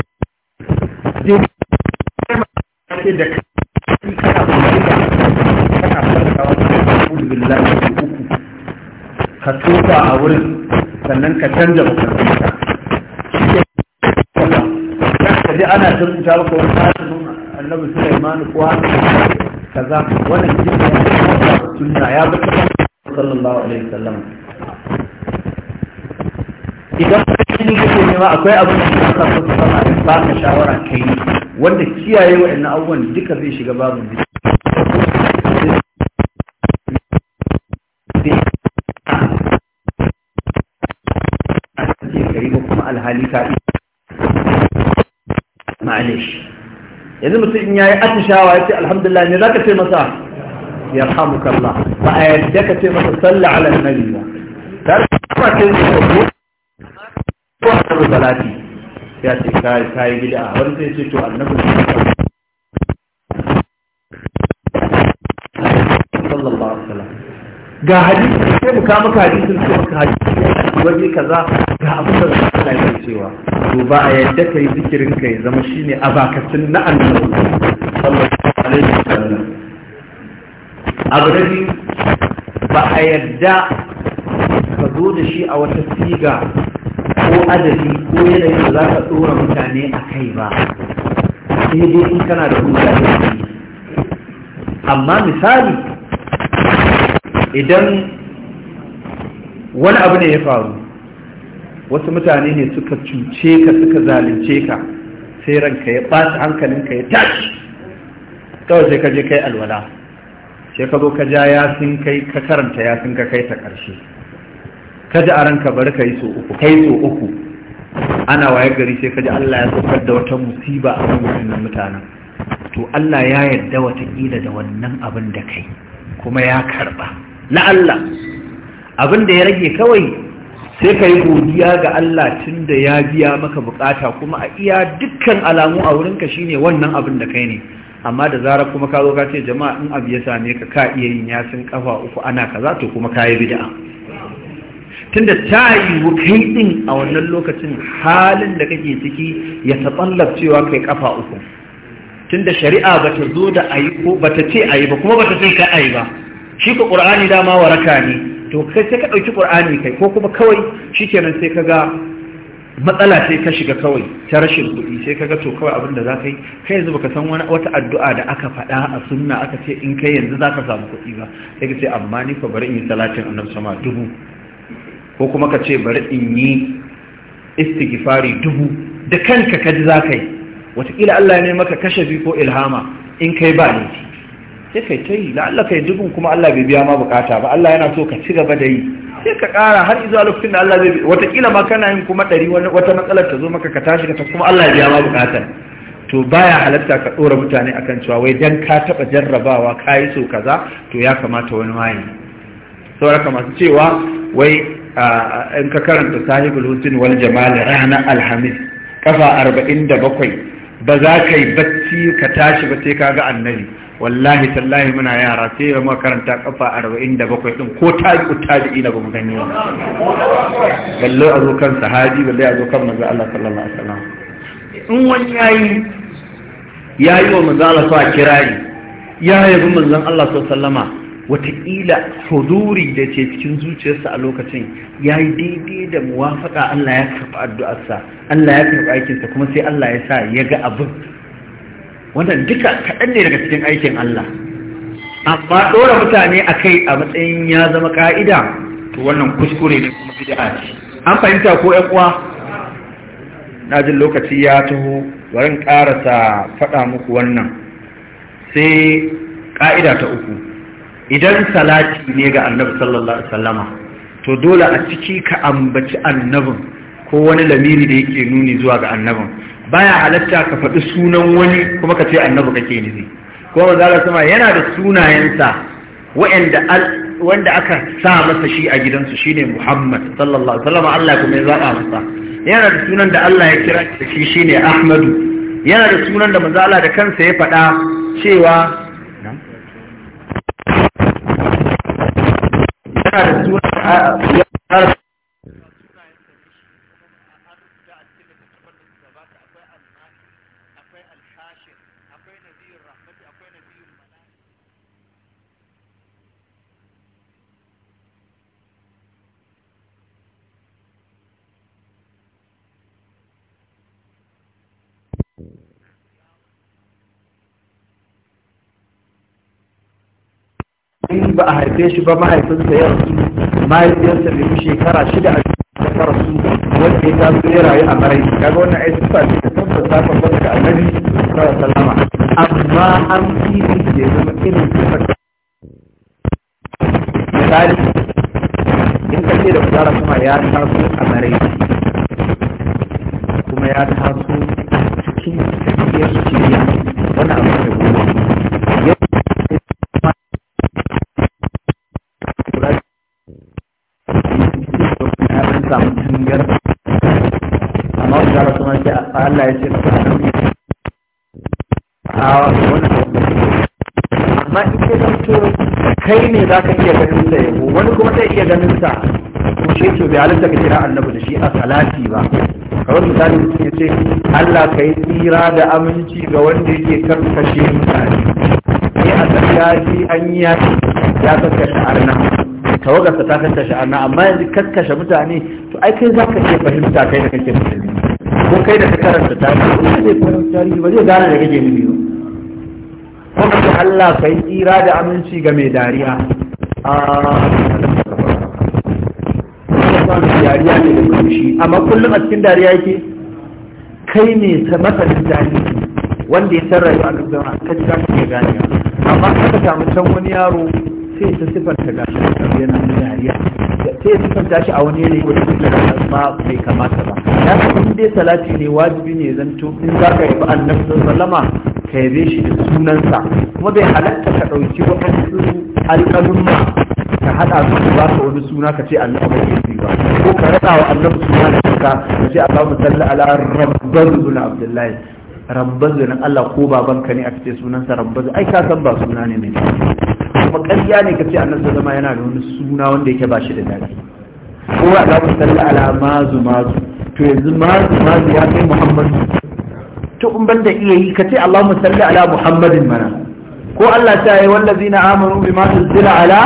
ce da kai kana kuma da kana farkawa da kudu da uku ka tuka a wurin sannan ka canza makarfinka ka ji ana ta rubuta ta wani nuna annabi Sulaiman ko haka kaza wannan jinna sunna ya bi sallallahu alaihi wasallam idan kai ne kake nema akwai abu da ka so ka fara ba ka shawara kai wanda kiyaye wa'annan abubuwan duka zai shiga babu alhali ka ma'anish yanzu mutum in yayi atishawa ya ce alhamdulillah ne za ka ce masa ya hamuka Allah ba a yadda ka ce masa sallah ala nabi ba ta rikata ce ne ko ko salati ce a yi gida a wani zai ce to annabi sallallahu ga hadisi sai mu kama maka hadisin sai maka hadisi waje kaza ga abu da Allah ya cewa to ba a yadda kai zikirin ka ya zama shine abakatin na annabi sallallahu alaihi wasallam abu da ba a yadda ka zo da shi a wata siga ko adadi ko yanayin da za ka tsora mutane a kai ba sai dai in kana da mutane da amma misali idan wani abu ne ya faru wasu mutane ne suka cuce ka suka zalunce ka sai ranka ya ɓata hankalinka ya tashi kawai sai ka je kai alwala sai ka zo ka ja yasin kai ka karanta yasin ka kai ta ƙarshe Kaji a ranka bari ka yi so uku kai so uku ana waye gari sai kaji Allah ya saukar da wata musiba a kan wannan mutanen to Allah ya yarda kila da wannan abin da kai kuma ya karba Allah abin da ya rage kawai sai ka yi godiya ga Allah tun da ya biya maka bukata kuma a iya dukkan alamu a wurinka shine wannan abin da kai ne amma da zara kuma ka zo ka ce jama'a in abu ya same ka ka iya yin yasin kafa uku ana kaza to kuma ka yi bid'a tunda ta yi kai din a wannan lokacin halin da kake ciki ya taɓallar cewa kai kafa uku tunda shari'a ba ta zo da ayi ko ba ta ce ayi ba kuma ba ta ce ka ayi ba shi ka ƙur'ani dama waraka ne to kai sai ka ɗauki ƙur'ani kai ko kuma kawai shi kenan sai ka matsala sai ka shiga kawai ta rashin kuɗi sai kaga to kawai abin da za ka yi kai yanzu baka san wani wata addu'a da aka faɗa a sunna aka ce in kai yanzu za ka samu kuɗi ba sai ka ce amma ni fa bari in yi salatin annabi sama dubu ko kuma ka ce bari in yi istighfari dubu da kanka ka ji za ka yi wataƙila Allah ne maka bi ko ilhama in kai ba ne. laifi sai kai ta yi la'alla kai dubun kuma Allah bai biya ma bukata ba Allah yana so ka ci gaba da yi sai ka ƙara har izuwa lokacin da Allah zai bi. wataƙila ma kana yin kuma ɗari wata matsalar ta zo maka ka tashi ka kuma Allah ya biya ma bukata to baya halatta ka ɗora mutane akan cewa wai dan ka taɓa jarrabawa ka yi so kaza to ya kamata wani waye saboda masu cewa wai in ka karanta sahibul husin wal jamal ranar alhamis kafa 47 ba za ka yi bacci ka tashi ba sai ka ga annabi wallahi tallahi muna yara sai ya makaranta kafa 47 din ko ta ku ta da ina ba mu gani ba balle a zo kan sahabi balle a zo kan manzo Allah sallallahu alaihi wasallam in wani yayi yayi wa manzo Allah sa kirari ya yabi manzon Allah sallallahu alaihi wasallama Wataƙila huduri da ce cikin zuciyarsa a lokacin ya yi daidai da muwafaka Allah ya karɓi addu'arsa Allah ya karɓi aikinsa kuma sai Allah ya sa ya ga abin wannan duka kaɗan ne daga cikin aikin Allah amma ɗora mutane a kai a matsayin ya zama ƙa'ida to wannan kuskure ne kuma bid'a ce an fahimta ko ƴan uwa na jin lokaci ya taho bari in ƙarasa faɗa muku wannan sai ƙa'ida ta uku idan salati ne ga annabi sallallahu alaihi wasallama to dole a ciki ka ambaci annabin ko wani lamiri da yake nuni zuwa ga annabin baya halatta ka faɗi sunan wani kuma ka ce annabi kake nufi ko manzo Allah sama yana da sunayensa wa'anda wanda aka sa masa shi a gidansu shine Muhammad sallallahu alaihi wasallam Allah kuma zaba masa yana da sunan da Allah ya kira shi shine Ahmadu yana da sunan da manzo Allah da kansa ya faɗa cewa tana da suna ba a haife shi ba mahaifinsa ya rasu mahaifiyarsa bai fi shekara shida a ta rasu wanda ya taso ya rayu a marai kaga wannan ai sifa ce ta tabbata ta tabbata daga annabi sallallahu alaihi wasallam amma an fi da ya zama irin sifar misali in ka ce da kudara kuma ya taso a marai kuma ya taso cikin Allah ya ce amma in ya zanto kai ne za ka iya ganin sa yabo wani kuma zai iya ganin sa ko shi to bai halitta ka kira annabi da shi a salati ba kawai misali mutum ya ce Allah ka yi tsira da aminci ga wanda yake karkashe mutane ne a tsakaji an yi yaki ya karkashe arna tawagarsa ta karkashe arna amma yanzu karkashe mutane to ai kai za ka iya fahimta kai da kake musulmi ko kai da ka karanta tarihi ne karanta tarihi ba zai gane da kake nufi ba ko ka Allah kai tsira da aminci ga mai dariya a ah, dariya ne da kushi amma kullum a cikin dariya yake kai ne ta masanin tarihi wanda ya san rayuwa ga zama kan za ka gane amma aka samu can wani yaro sai ta sifar ta gashi yana dariya sai ya sifanta shi a wani yanayi wani suke da ma bai kamata ba ya in dai salati ne wajibi ne zanto in za ka yabi annabi sallama ka yabe shi da sunansa kuma bai halatta ka ɗauki waɗansu alƙalin ma ka haɗa su ba ka wani suna ka ce annabi bai yi ba ko ka raɗa wa annabi suna da ka ce a samu salli ala rabbar abdullahi rambazu nan Allah ko babanka ne a fice sunansa rambazu ai ka san ba suna ne mai kuma ƙarya ne kace annabi zama yana da wani suna wanda yake ba shi da dadi. ko a zamu salla ala mazu mazu to yanzu mazu mazu ya kai Muhammad to in banda iya yi kace Allahumma salli ala Muhammadin mana ko Allah ta yi wallazina amanu bima tunzila ala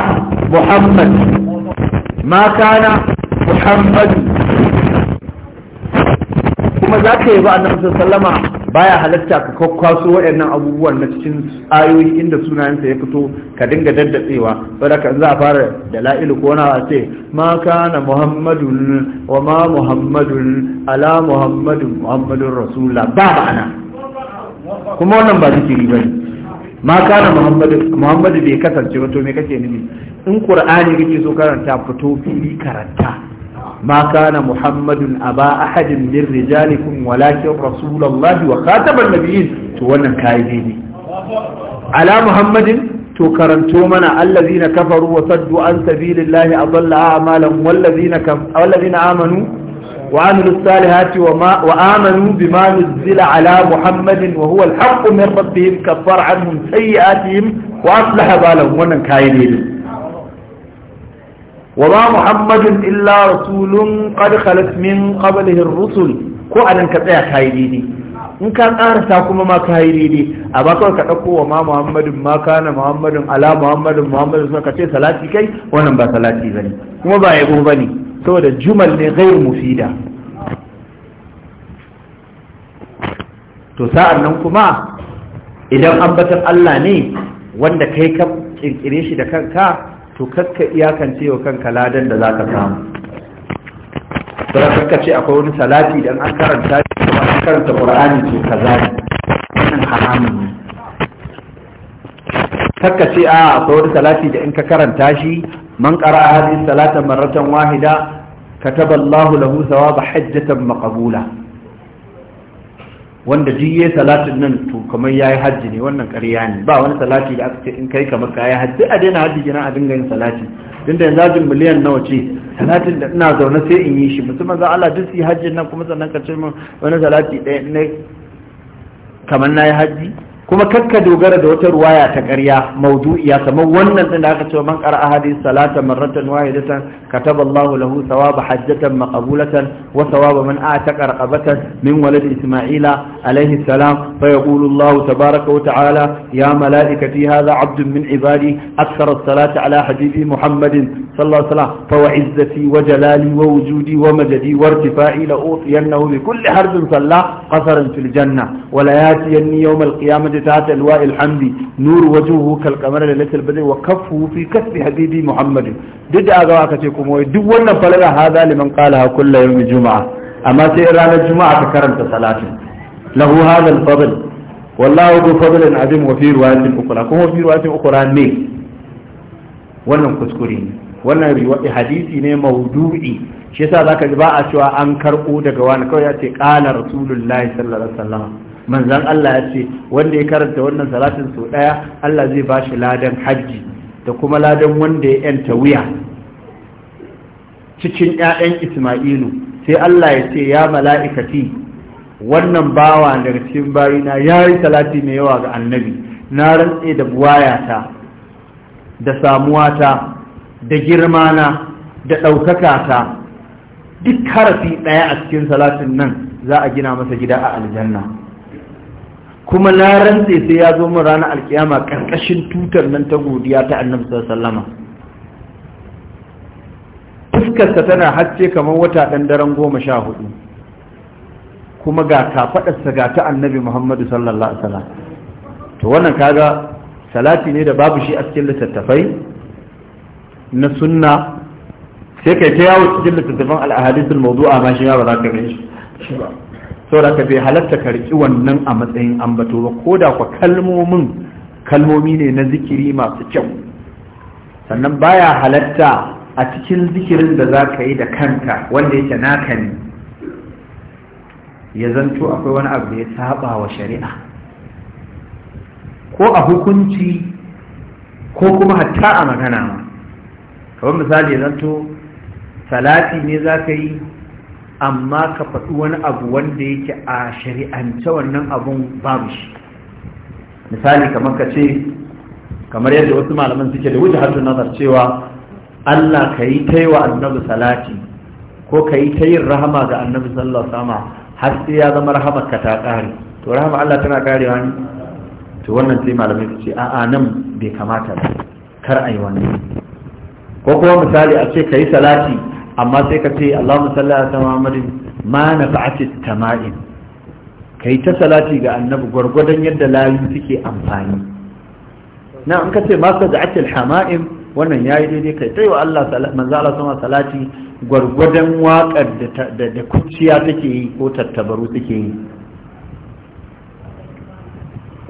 Muhammad ma kana muhammadin. kuma za ka yi ba annabi sallama baya halatta ka kwakwaso waɗannan abubuwan na cikin ayoyi inda sunayensa ya fito ka dinga daddatsewa saboda ka za a fara da la'ilu ko na ce ma kana muhammadun wa ma muhammadun ala muhammadun muhammadun rasulullah ba ba ana kuma wannan ba zikiri bane ma kana muhammadu muhammadu bai kasance ba to me kake nufi in qur'ani kake so karanta fito fili karanta ما كان محمد أبا أحد من رجالكم ولكن رسول الله وخاتم النبيين تونا كايديني على محمد تكرنتو منا الذين كفروا وصدوا عن سبيل الله أضل أعمالهم والذين, كف... والذين آمنوا وعملوا الصالحات وما وآمنوا بما نزل على محمد وهو الحق من ربهم كفر عنهم سيئاتهم وأصلح بالهم ونن كايديني وما محمد إلا رسول قد خلت من قبله الرسل ko anan ka tsaya kayi daidai in ka karanta kuma ma kayi daidai a ba kawai ka ɗauko wa ma muhammadin ma kana muhammadin ala muhammadin muhammadin suna ka ce salati kai wannan ba salati ba ne, kuma ba yabo bane saboda jumal ne ghairu mufida to sa'an nan kuma idan ambatan Allah ne wanda kai ka kirkire shi da kanka to kakka iyakance wa kanka ladan da za zaka samu sai kakka ce akwai wani salati dan an karanta shi kuma an karanta qur'ani to kaza ne wannan haramun ne kakka ce a akwai wani salati da in ka karanta shi man qara'a hadhihi salata marratan wahida kataba Allahu lahu thawaba hajjatan maqbula wanda duk yayi salatin nan to kamar yayi hajji ne wannan ƙarya ne ba wani salati da aka ce in kai kamar kayi hajji a daina hajji gina a dinga yin salati tunda yanzu hajjin miliyan nawa ce salatin da ina zaune sai in yi shi musamman za Allah duk yi hajjin nan kuma sannan ka ce min wani salati ɗaya ne kamar nayi yi hajji kuma kakka dogara da wata ruwaya ta ƙarya maudu'iya kamar wannan din da aka ce man qara ahadith salatan marratan wahidatan kataballahu lahu thawaba hajjatan maqbulatan wa thawaba man a'taqa raqabatan min walad isma'ila alayhi salam fa yaqulu Allah tabaaraka wa ta'ala ya malaikati hadha 'abdun min 'ibadi akthara as-salati 'ala habibi Muhammadin sallallahu alaihi wasallam fa wa 'izzati wa jalali wa wujudi wa majdi wa irtifai la utiyannahu bi kulli harbin salla qasaran fil janna wa la yatiyanni yawm al-qiyamati تحت لواء الحمد نور وجهه كالقمر ليلة البدر وكفه في كف حبيبي محمد دد أغواك تيكم ويدو ونفلنا هذا لمن قالها كل يوم جمعة أما سيران الجمعة كرمت صلاة له هذا الفضل والله ذو فضل عظيم وفي رواية أخرى كما في رواية أخرى ني wannan kuskure ne wannan riwayi hadisi ne maudu'i shi yasa zaka ji ba a cewa an karbo daga wani kawai ya ce qala rasulullahi sallallahu alaihi wasallam manzan Allah ya ce wanda ya karanta wannan salatin sau ɗaya Allah zai ba shi ladan hajji da kuma ladan wanda ya yanta wuya cikin 'ya'yan Ismailu sai Allah ya ce ya mala'ikati wannan bawa daga cikin bayina ya yi salati mai yawa ga annabi na rantse da buwayata da samuwata da girmana da ɗaukaka ta duk harafi ɗaya a cikin salatin nan za a gina masa gida a aljanna kuma na rantse sai ya zo min ranar alkiyama karkashin tutar nan ta godiya ta annabi sallama fuskarsa tana hacce kamar wata ɗan daren goma sha hudu kuma ga kafaɗarsa ga ta annabi muhammadu sallallahu alaihi wasallam to wannan kaga salati ne da babu shi a cikin littattafai na sunna sai kai ta yawo cikin littattafan al'ahadisul mawdu'a ma shi ya ba za ka gani shi ba saboda ka bai halatta ka riƙi wannan a matsayin ambato ba ko da kwa kalmomin kalmomi ne na zikiri masu kyau sannan baya halatta a cikin zikirin da za ka yi da kanka wanda yake naka ne ya zanto akwai wani abu da ya saba wa shari'a ko a hukunci ko kuma hatta a magana kamar misali ya zanto salati ne za ka yi amma ka faɗi wani abu wanda yake a shari'ance wannan abun babu shi misali kamar ka ce kamar yadda wasu malaman suke da wuce hajjun nazar cewa Allah ka yi ta yi wa annabi salati ko ka yi ta yin rahama ga annabi sallallahu sama har sai ya zama rahama ka ta ƙare to rahama Allah tana ƙarewa ne to wannan sai malamai su ce a'a nan bai kamata ba kar a yi wannan ko kuma misali a ce ka yi salati amma sai ka ce Allahumma salli ala Muhammadin ma nafa'ati tama'in kai ta salati ga annabi gwargwadon yadda layu suke amfani na an ka ce ma sada'ati al-hama'im wannan yayi daidai kai tayi wa Allah manzo Allah sama salati gwargwadon waƙar da da kuciya take yi ko tattabaru take yi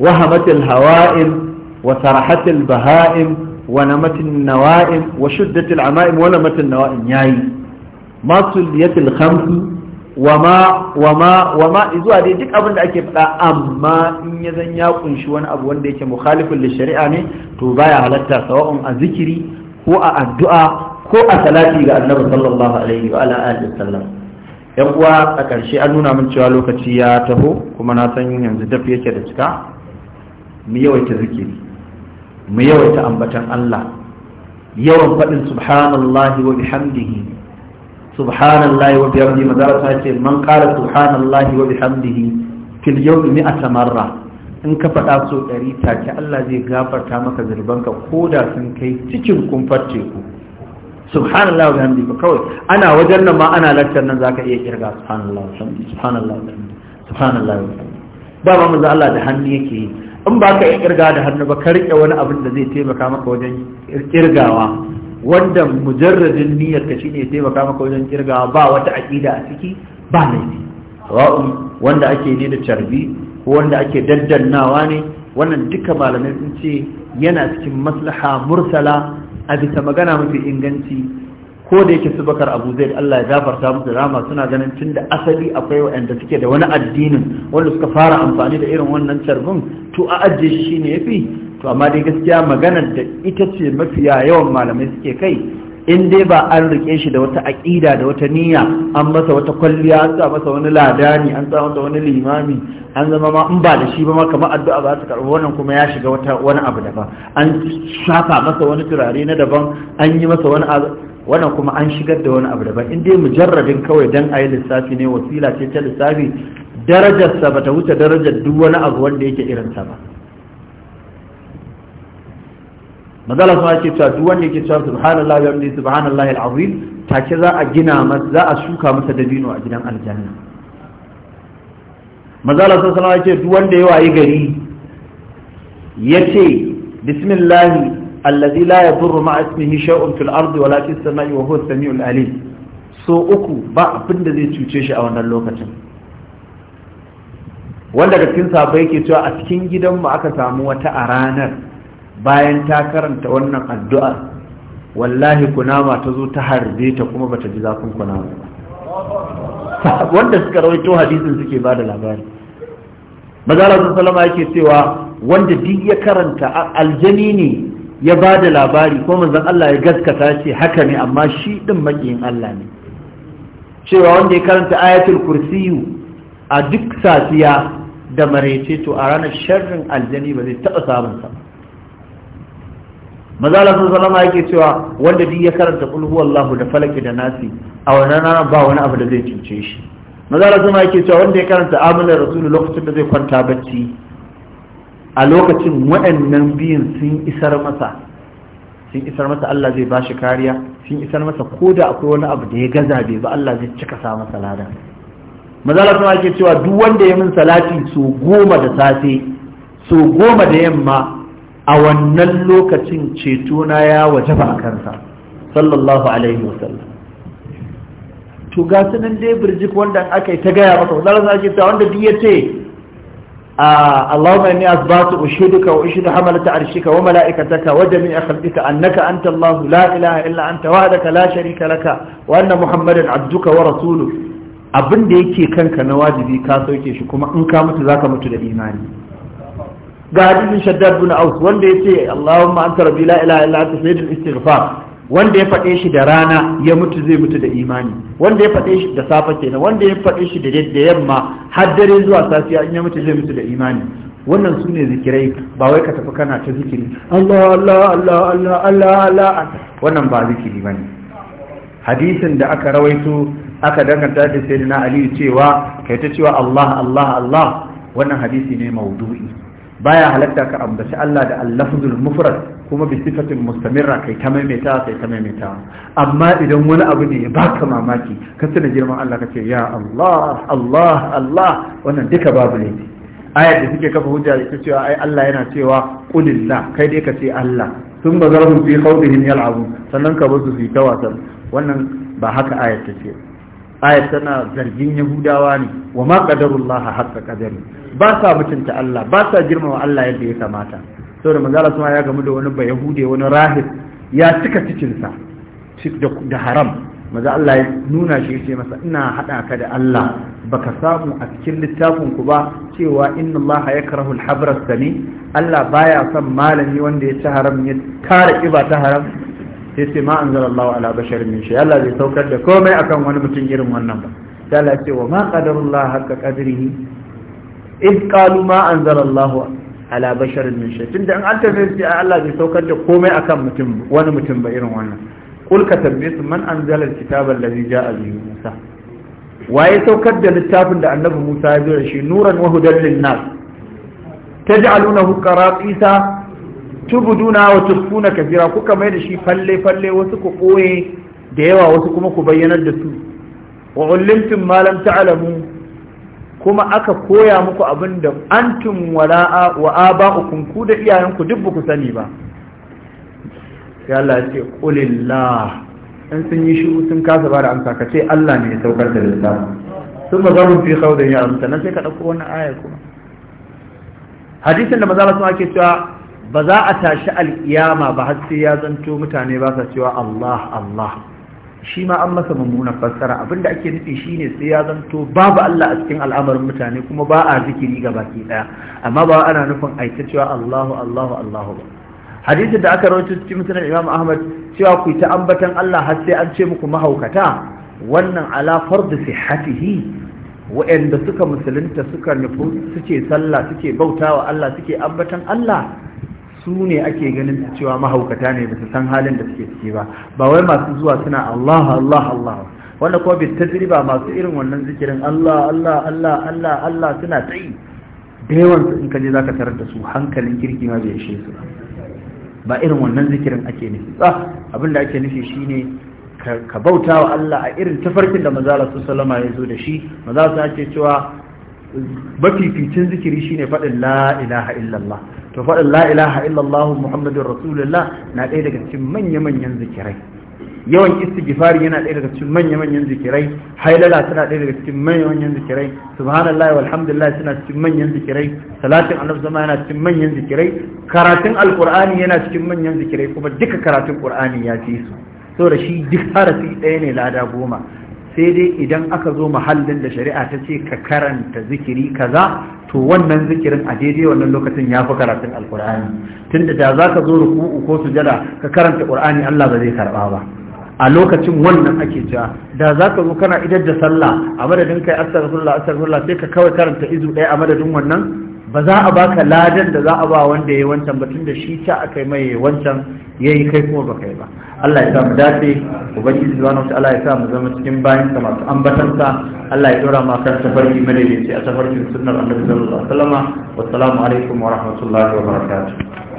وهمت الهوائم وسرحت البهائم ونمت النوائم وشدت العمائم ونمت النوائم ياي masuliyatul khamsi wama wama wama zuwa dai duk abin da ake fada amma in ya zan ya kunshi wani abu wanda yake mukhalifin li shari'a ne to baya halatta sawa'un a zikiri ko a addu'a ko a salati ga annabi sallallahu alaihi wa ala alihi sallam yan uwa a karshe an nuna min cewa lokaci ya taho kuma na san yanzu dafi yake da cika mu yawaita zikiri mu yawaita ambatan Allah yawan fadin subhanallahi wa bihamdihi subhanallahi wa bihamdihi madara ta ce man qala subhanallahi wa bihamdihi fil yawmi mi'ata marra in ka faɗa so ɗari take Allah zai gafarta maka zurbanka ko da sun kai cikin kumfar teku subhanallah wa bihamdi ba kawai ana wajen nan ma ana lantar nan zaka iya kirga subhanallah wa bihamdi subhanallah wa bihamdi subhanallah wa bihamdi ba ma manzo Allah da hannu yake yi in ba ka iya kirga da hannu ba ka rike wani abin da zai taimaka maka wajen kirgawa wanda mujarradin niyyar ka shine taimaka maka wajen kirgawa ba wata aqida a ciki ba laifi wa'un wanda ake ne da carbi ko wanda ake daddannawa ne wannan duka malamai sun ce yana cikin maslaha mursala a bisa magana mafi inganci ko da yake su bakar abu zai Allah ya gafarta musu rama suna ganin tun da asali akwai waɗanda suke da wani addinin wanda suka fara amfani da irin wannan carbin to a ajiye shi shine yafi to amma dai gaskiya maganar da ita ce mafiya yawan malamai suke kai in dai ba an rike shi da wata aƙida da wata niyya an masa wata kwalliya an sa masa wani ladani an sa masa wani limami an zama ma in ba da shi ba ma kamar addu'a ba su karɓi wannan kuma ya shiga wata wani abu daban an shafa masa wani turare na daban an yi masa wani wannan kuma an shigar da wani abu daban in dai mujarradin kawai dan ayi lissafi ne wasila ce ta lissafi darajarsa bata wuce darajar duk wani abu wanda yake irin sa ba magana sun ake cewa duk wanda yake cewa subhanallah ya wanda subhanallah al-azim take za a gina za a shuka masa dabino a gidan aljanna mazala sun sanar ake duk wanda ya wayi gari ya ce bismillah alladhi la yadurru ma'a ismihi shay'un fil ardi wa la fis samai wa huwa as-sami'ul alim so uku ba abin da zai cuce shi a wannan lokacin wanda da cikin sabai ke cewa a cikin gidanmu aka samu wata a ranar bayan ta karanta wannan addu'a wallahi kunama ta zo ta harbe ta kuma bata ji zafin kunama wanda suka rawaito hadisin suke ba da labari sun salama yake cewa wanda duk ya karanta aljani ne ya ba da labari ko manzan Allah ya gaskata ce haka ne amma shi din makiyin Allah ne cewa wanda ya karanta ayatul kursiyu a duk safiya da maraice to a ranar sharrin aljani ba zai taɓa samun sa mazala sun salama yake cewa wanda duk ya karanta kul huwallahu da falaki da nasi a wannan rana ba wani abu da zai cuce shi mazala sun yake cewa wanda ya karanta amalar rasulu lokacin da zai kwanta bacci a lokacin waɗannan biyun sun isar masa sun isar masa Allah zai bashi kariya sun isar masa ko da akwai wani abu da ya gaza bai ba Allah zai cika sa masa lada mazala sun yake cewa duk wanda ya min salati so goma da safe so goma da yamma a wannan lokacin cetona ya wajaba a kansa sallallahu alaihi wasallam to ga su dai birjik wanda aka yi ta gaya masa wanda za ake ta wanda duk ya ce اللهم إني أثبات أشهدك وأشهد حملة عرشك وملائكتك وجميع خلقك أنك أنت الله لا إله إلا أنت وحدك لا شريك لك Muhammadan, محمدا عبدك ورسولك abin da yake kanka na wajibi ka sauke shi kuma in ka mutu zaka mutu da imani ga hadisin shaddad bin aus wanda ya ce Allahumma anta rabbi la ilaha illa anta sayyidul istighfar wanda ya faɗe shi da rana ya mutu zai mutu da imani wanda ya faɗe shi da safa kenan wanda ya faɗe shi da yamma har dare zuwa safiya in ya mutu zai mutu da imani wannan su ne zikirai ba wai ka tafi kana ta zikiri Allah Allah Allah Allah Allah Allah wannan ba zikiri ba ne. hadisin da aka rawaito aka danganta da sayyidina Ali cewa kai ta cewa Allah Allah Allah wannan hadisi ne maudu'i baya halatta ka ambaci Allah da al-lafzul mufrad kuma bi sifatin mustamirra kai ta maimaita kai ta maimaita amma idan wani abu ne ya baka mamaki ka tuna girman Allah kace ya Allah Allah Allah wannan duka babu ne ayar da suke kafa hujja da cewa ai Allah yana cewa qulillah kai dai ka ce Allah sun bazarhum fi khawdihim yal'abun sannan ka bar su su wasan wannan ba haka ayar ba ayat tana zargin yahudawa ne wa ma qadarullaha haqqa qadari ba sa mutunta Allah ba sa girmama Allah yadda ya kamata saboda manzo Allah ya gamu da wani ba yahude wani rahib ya cika cikin sa da haram maza Allah ya nuna shi ce masa ina hada ka da Allah baka samu a cikin littafin ku ba cewa inna Allah yakrahu al-habra Allah baya son malami wanda ya ci haram ya tara kiba ta haram sai ce ma an anzalallahu ala basharin min shay Allah bai saukar da komai akan wani mutum irin wannan ba sai Allah ce wa ma qadarullah haqqa qadrihi id qalu ma anzalallahu ala basharin min shay tunda an altafe sai Allah bai saukar da komai akan mutum wani mutum ba irin wannan qul ka tabbisu man anzala alkitaba allazi ja'a bihi musa waye saukar da littafin da annabi Musa ya zo da shi nuran wa hudan lin nas taj'alunahu qaratisa tubuduna wa tufuna kafira kuka mai da shi falle falle wasu ku koye da yawa wasu kuma ku bayyanar da su wa ullimtum ma lam ta'lamu kuma aka koya muku abin da antum wala wa aba'ukum ku da iyayenku duk ku sani ba sai Allah ya ce qulillah in sun yi shiru sun kasa ba da amsa ka Allah ne ya saukar da lissafi sun mazarun fi khawdan ya amsa na sai ka dauko wannan aya kuma hadisin da maza sun ake cewa ba za a tashi alkiyama ba har sai ya zanto mutane ba sa cewa Allah Allah shi ma an masa mummunan fassara abinda ake nufi shine sai ya zanto babu Allah a cikin al'amarin mutane kuma ba a zikiri ga baki daya amma ba ana nufin aita cewa Allahu Allahu Allahu ba hadisi da aka rawaito cikin musnad Imam Ahmad cewa ku ta ambatan Allah har sai an ce muku mahaukata wannan ala fardu sihhatihi waɗanda suka musulunta suka nufi suke sallah suke bautawa Allah suke ambatan Allah su ne ake ganin su cewa mahaukata ne ba su san halin da suke ciki ba ba wai masu zuwa suna Allah Allah Allah wanda kuma bi tajriba masu irin wannan zikirin Allah Allah Allah Allah Allah suna ta da yawan in ka je zaka tarar da su hankalin kirki ma bai ishe su ba irin wannan zikirin ake nufi ba abinda ake nufi shine ka bautawa Allah a irin tafarkin da manzala su salama ya zo da shi manzala su ake cewa mafificin zikiri shine faɗin la ilaha illallah to faɗin la ilaha illallah muhammadin rasulullah na ɗaya daga cikin manya-manyan zikirai yawan istighfari yana ɗaya daga cikin manya-manyan zikirai hailala tana ɗaya daga cikin manya-manyan zikirai subhanallahi walhamdulillah suna cikin manyan zikirai salatin annabi zama yana cikin manyan zikirai karatun alqur'ani yana cikin manyan zikirai kuma duka karatun qur'ani ya fi su saboda shi duk harafi ɗaya ne lada goma sai dai idan aka zo mahallin da shari'a ta ce ka karanta zikiri kaza to wannan zikirin a daidai wannan lokacin ya fi karatun alkur'ani tunda da za ka zo ruku'u ko sujada ka karanta qur'ani Allah ba zai karba ba a lokacin wannan ake ja, da za ka zo kana idar da sallah a madadin kai astaghfirullah astaghfirullah sai ka kawai karanta izu ɗaya a madadin wannan ba za a baka ladan da za a ba wanda ya yi wancan ba tunda shi ta akai mai wancan yayi kai kuma baka yi ba Allah ya sa mu dace ubangiji subhanahu allah ya sa mu zama cikin bayan sa masu ambatansa Allah ya dora mu kan tafarki madaidaici a tafarkin sunnar Annabi sallallahu alaihi wasallama wassalamu alaikum wa rahmatullahi wa barakatuh